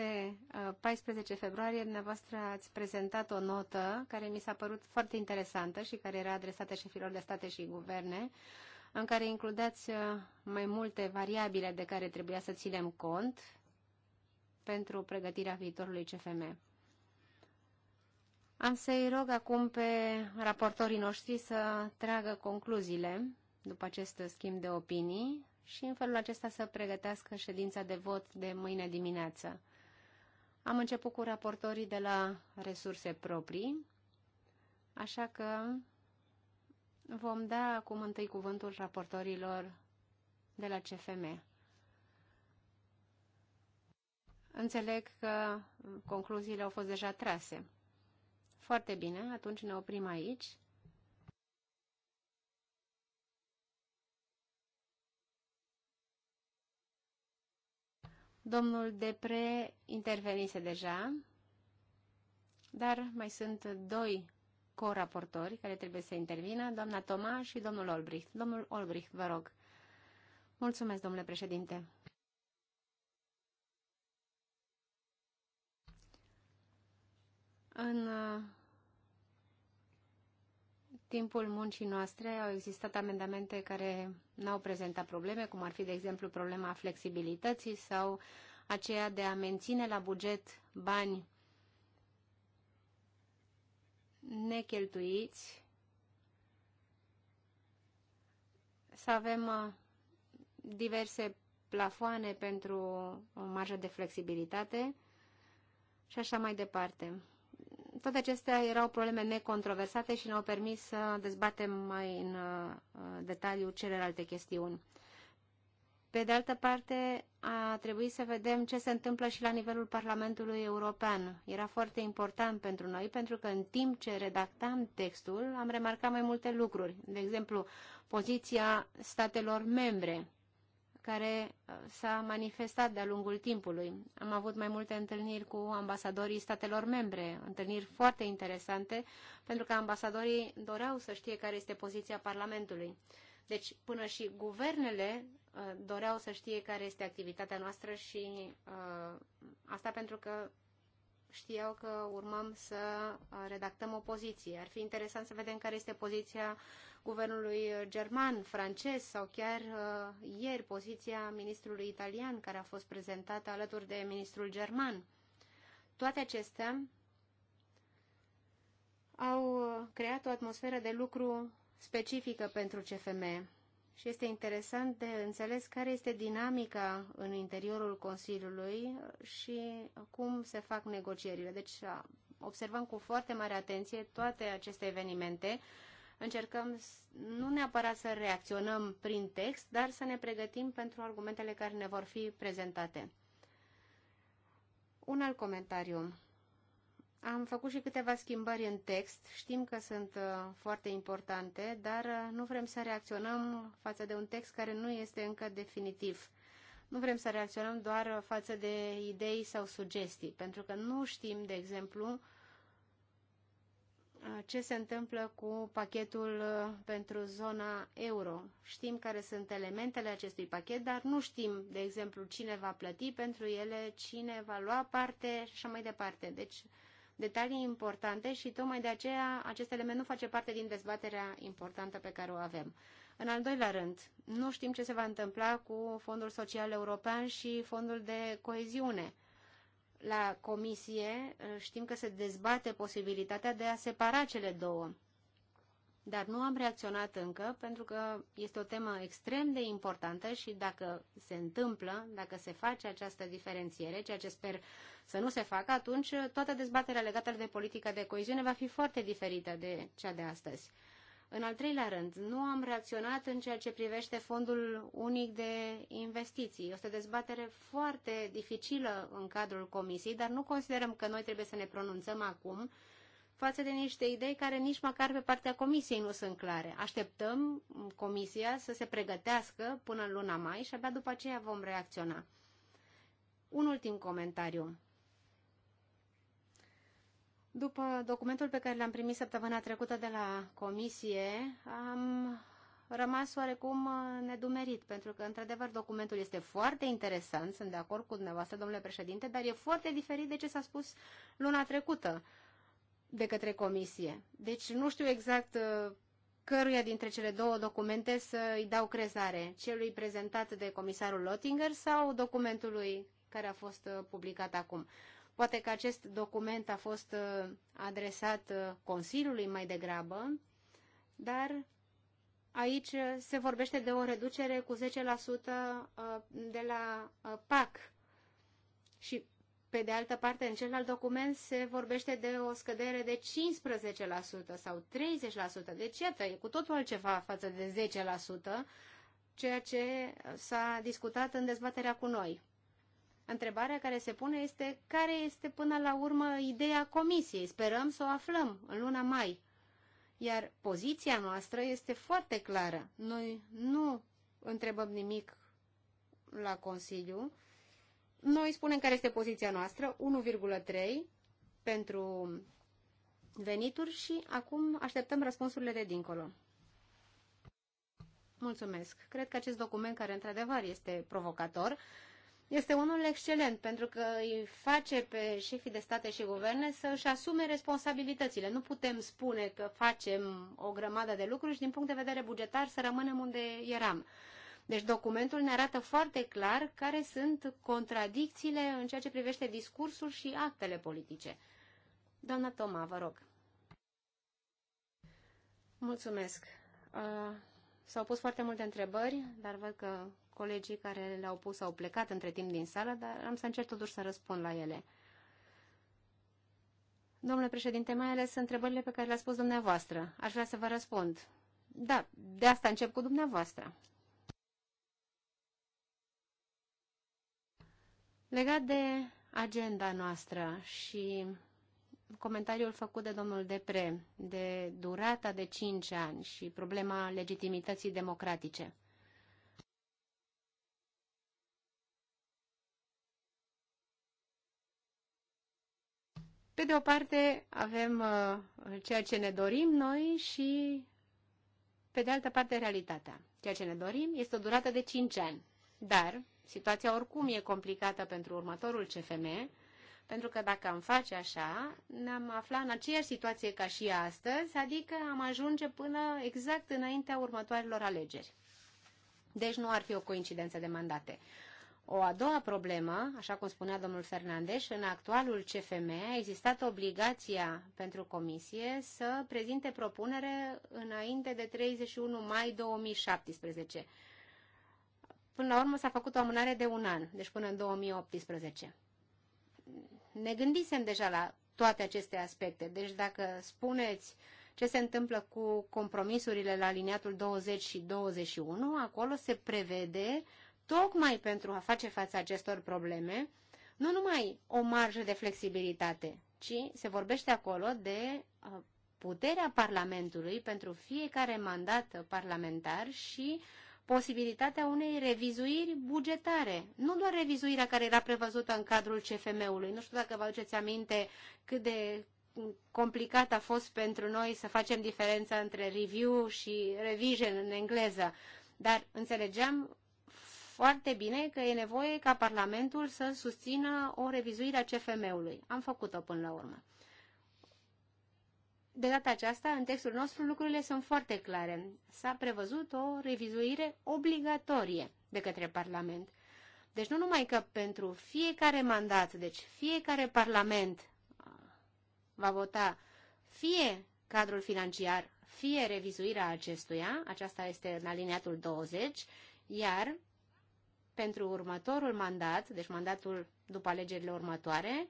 pe 14 uh, februarie dumneavoastră ați prezentat o notă care mi s-a părut foarte interesantă și care era adresată șefilor de state și guverne, în care includeați uh, mai multe variabile de care trebuia să ținem cont pentru pregătirea viitorului CFM. Am să-i rog acum pe raportorii noștri să tragă concluziile după acest schimb de opinii și în felul acesta să pregătească ședința de vot de mâine dimineață. Am început cu raportorii de la resurse proprii, așa că vom da acum întâi cuvântul raportorilor de la CFM. Înțeleg că concluziile au fost deja trase. Foarte bine, atunci ne oprim aici Domnul Depre intervenise deja, dar mai sunt doi coraportori care trebuie să intervină, doamna Toma și domnul Olbricht. Domnul Olbricht, vă rog. Mulțumesc, domnule președinte. În timpul muncii noastre au existat amendamente care n-au prezentat probleme, cum ar fi, de exemplu, problema flexibilității sau aceea de a menține la buget bani necheltuiți, să avem uh, diverse plafoane pentru o marjă de flexibilitate și așa mai departe toate acestea erau probleme necontroversate și ne-au permis să dezbatem mai în uh, detaliu celelalte chestiuni. Pe de altă parte, a trebuit să vedem ce se întâmplă și la nivelul Parlamentului European. Era foarte important pentru noi, pentru că în timp ce redactam textul, am remarcat mai multe lucruri. De exemplu, poziția statelor membre care uh, s-a manifestat de-a lungul timpului. Am avut mai multe întâlniri cu ambasadorii statelor membre, întâlniri foarte interesante, pentru că ambasadorii doreau să știe care este poziția Parlamentului. Deci, până și guvernele uh, doreau să știe care este activitatea noastră și uh, asta pentru că știau că urmăm să uh, redactăm o poziție. Ar fi interesant să vedem care este poziția guvernului german, francez sau chiar uh, ieri poziția ministrului italian care a fost prezentată alături de ministrul german. Toate acestea au uh, creat o atmosferă de lucru specifică pentru CFM și este interesant de înțeles care este dinamica în interiorul Consiliului uh, și cum se fac negocierile. Deci observăm cu foarte mare atenție toate aceste evenimente încercăm nu neapărat să reacționăm prin text, dar să ne pregătim pentru argumentele care ne vor fi prezentate. Un alt comentariu. Am făcut și câteva schimbări în text, știm că sunt uh, foarte importante, dar uh, nu vrem să reacționăm față de un text care nu este încă definitiv. Nu vrem să reacționăm doar uh, față de idei sau sugestii, pentru că nu știm, de exemplu, ce se întâmplă cu pachetul pentru zona euro. Știm care sunt elementele acestui pachet, dar nu știm, de exemplu, cine va plăti pentru ele, cine va lua parte și așa mai departe. Deci, detalii importante și tocmai de aceea acest element nu face parte din dezbaterea importantă pe care o avem. În al doilea rând, nu știm ce se va întâmpla cu Fondul Social European și Fondul de Coeziune la comisie uh, știm că se dezbate posibilitatea de a separa cele două. Dar nu am reacționat încă pentru că este o temă extrem de importantă și dacă se întâmplă, dacă se face această diferențiere, ceea ce sper să nu se facă, atunci uh, toată dezbaterea legată de politica de coeziune va fi foarte diferită de cea de astăzi. În al treilea rând, nu am reacționat în ceea ce privește fondul unic de investiții. Este o dezbatere foarte dificilă în cadrul comisiei, dar nu considerăm că noi trebuie să ne pronunțăm acum față de niște idei care nici măcar pe partea comisiei nu sunt clare. Așteptăm comisia să se pregătească până în luna mai și abia după aceea vom reacționa. Un ultim comentariu. După documentul pe care l-am primit săptămâna trecută de la comisie, am rămas oarecum uh, nedumerit, pentru că, într-adevăr, documentul este foarte interesant, sunt de acord cu dumneavoastră, domnule președinte, dar e foarte diferit de ce s-a spus luna trecută de către comisie. Deci nu știu exact uh, căruia dintre cele două documente să îi dau crezare, celui prezentat de comisarul Lottinger sau documentului care a fost uh, publicat acum. Poate că acest document a fost uh, adresat uh, Consiliului mai degrabă, dar aici uh, se vorbește de o reducere cu 10% de la PAC și pe de altă parte, în celălalt document se vorbește de o scădere de 15% sau 30%. Deci, iată, e cu totul altceva față de 10%, ceea ce s-a discutat în dezbaterea cu noi. Întrebarea care se pune este care este până la urmă ideea comisiei. Sperăm să o aflăm în luna mai. Iar poziția noastră este foarte clară. Noi nu întrebăm nimic la Consiliu. Noi spunem care este poziția noastră, 1,3 pentru venituri și acum așteptăm răspunsurile de dincolo. Mulțumesc. Cred că acest document, care într-adevăr este provocator, este unul excelent pentru că îi face pe șefii de state și guverne să își asume responsabilitățile. Nu putem spune că facem o grămadă de lucruri și din punct de vedere bugetar să rămânem unde eram. Deci documentul ne arată foarte clar care sunt contradicțiile în ceea ce privește discursul și actele politice. Doamna Toma, vă rog. Mulțumesc. Uh, s-au pus foarte multe întrebări, dar văd că Colegii care le-au pus au plecat între timp din sală, dar am să încerc totuși să răspund la ele. Domnule președinte, mai ales întrebările pe care le-a spus dumneavoastră. Aș vrea să vă răspund. Da, de asta încep cu dumneavoastră. Legat de agenda noastră și comentariul făcut de domnul Depre de durata de 5 ani și problema legitimității democratice. Pe de o parte avem uh, ceea ce ne dorim noi și pe de altă parte realitatea. Ceea ce ne dorim este o durată de 5 ani. Dar situația oricum e complicată pentru următorul CFM, pentru că dacă am face așa, ne-am afla în aceeași situație ca și astăzi, adică am ajunge până exact înaintea următoarelor alegeri. Deci nu ar fi o coincidență de mandate. O a doua problemă, așa cum spunea domnul Fernandez, în actualul CFM a existat obligația pentru comisie să prezinte propunere înainte de 31 mai 2017. Până la urmă s-a făcut o amânare de un an, deci până în 2018. Ne gândisem deja la toate aceste aspecte, deci dacă spuneți ce se întâmplă cu compromisurile la liniatul 20 și 21, acolo se prevede tocmai pentru a face față acestor probleme, nu numai o marjă de flexibilitate, ci se vorbește acolo de uh, puterea Parlamentului pentru fiecare mandat parlamentar și posibilitatea unei revizuiri bugetare. Nu doar revizuirea care era prevăzută în cadrul CFM-ului. Nu știu dacă vă aduceți aminte cât de complicat a fost pentru noi să facem diferența între review și revision în engleză. Dar înțelegeam foarte bine că e nevoie ca Parlamentul să susțină o revizuire a CFM-ului. Am făcut-o până la urmă. De data aceasta, în textul nostru, lucrurile sunt foarte clare. S-a prevăzut o revizuire obligatorie de către Parlament. Deci nu numai că pentru fiecare mandat, deci fiecare Parlament va vota fie cadrul financiar, fie revizuirea acestuia, aceasta este în aliniatul 20, iar pentru următorul mandat, deci mandatul după alegerile următoare,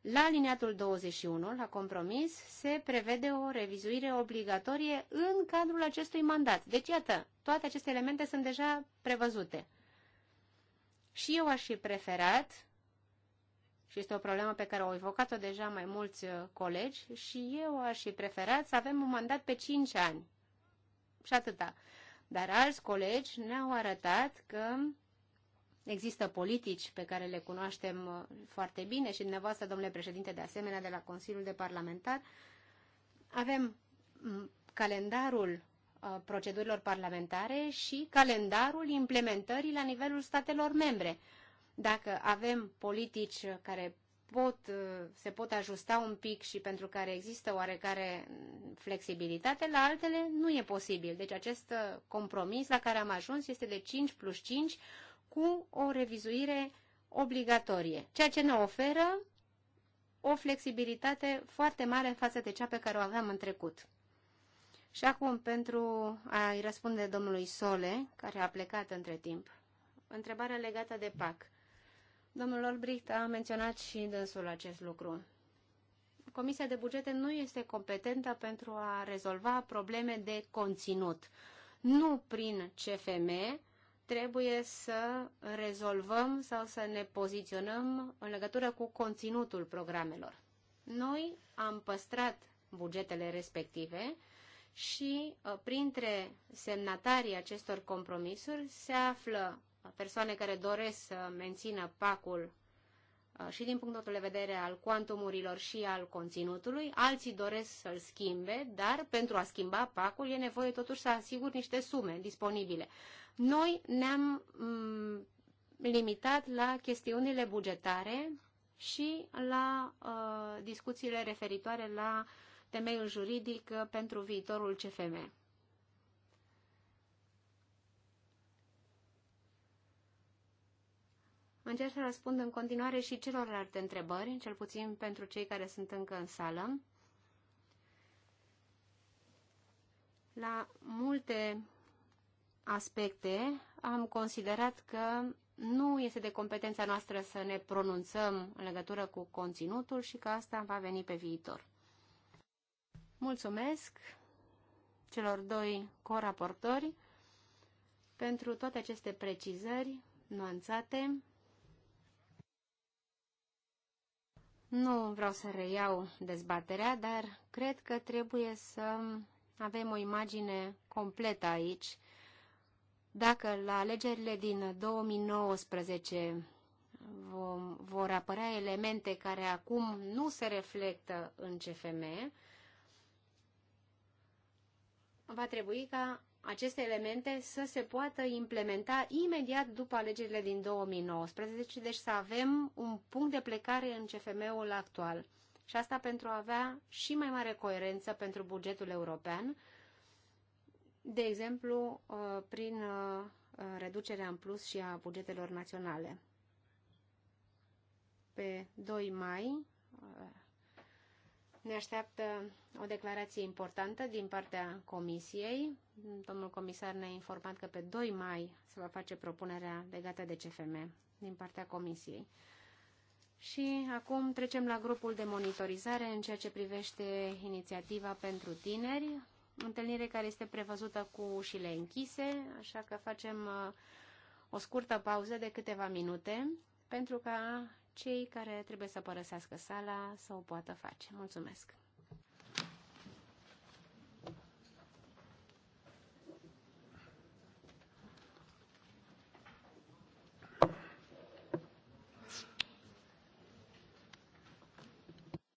la aliniatul 21, la compromis, se prevede o revizuire obligatorie în cadrul acestui mandat. Deci, iată, toate aceste elemente sunt deja prevăzute. Și eu aș fi preferat, și este o problemă pe care au evocat-o deja mai mulți uh, colegi, și eu aș fi preferat să avem un mandat pe 5 ani. Și atâta. Dar alți colegi ne-au arătat că Există politici pe care le cunoaștem uh, foarte bine și dumneavoastră, domnule președinte, de asemenea, de la Consiliul de Parlamentar. Avem mm, calendarul uh, procedurilor parlamentare și calendarul implementării la nivelul statelor membre. Dacă avem politici care pot, uh, se pot ajusta un pic și pentru care există oarecare flexibilitate, la altele nu e posibil. Deci acest compromis la care am ajuns este de 5 plus 5, cu o revizuire obligatorie, ceea ce ne oferă o flexibilitate foarte mare față de cea pe care o aveam în trecut. Și acum, pentru a-i răspunde domnului Sole, care a plecat între timp, întrebarea legată de PAC. Domnul Olbricht a menționat și dânsul acest lucru. Comisia de bugete nu este competentă pentru a rezolva probleme de conținut. Nu prin CFM, trebuie să rezolvăm sau să ne poziționăm în legătură cu conținutul programelor. Noi am păstrat bugetele respective și uh, printre semnatarii acestor compromisuri se află persoane care doresc să mențină pacul Uh, și din punctul de vedere al cuantumurilor și al conținutului, alții doresc să-l schimbe, dar pentru a schimba pacul e nevoie totuși să asigur niște sume disponibile. Noi ne-am mm, limitat la chestiunile bugetare și la uh, discuțiile referitoare la temeiul juridic uh, pentru viitorul CFM. Încerc să răspund în continuare și celorlalte întrebări, cel puțin pentru cei care sunt încă în sală. La multe aspecte am considerat că nu este de competența noastră să ne pronunțăm în legătură cu conținutul și că asta va veni pe viitor. Mulțumesc celor doi coraportori pentru toate aceste precizări nuanțate. Nu vreau să reiau dezbaterea, dar cred că trebuie să avem o imagine completă aici. Dacă la alegerile din 2019 vom, vor apărea elemente care acum nu se reflectă în CFM, va trebui ca aceste elemente să se poată implementa imediat după alegerile din 2019, deci să avem un punct de plecare în CFM-ul actual. Și asta pentru a avea și mai mare coerență pentru bugetul european, de exemplu, uh, prin uh, reducerea în plus și a bugetelor naționale. Pe 2 mai uh, ne așteaptă o declarație importantă din partea Comisiei. Domnul comisar ne-a informat că pe 2 mai se va face propunerea legată de CFM din partea Comisiei. Și acum trecem la grupul de monitorizare în ceea ce privește inițiativa pentru tineri, întâlnire care este prevăzută cu ușile închise, așa că facem uh, o scurtă pauză de câteva minute pentru ca cei care trebuie să părăsească sala să o poată face. Mulțumesc!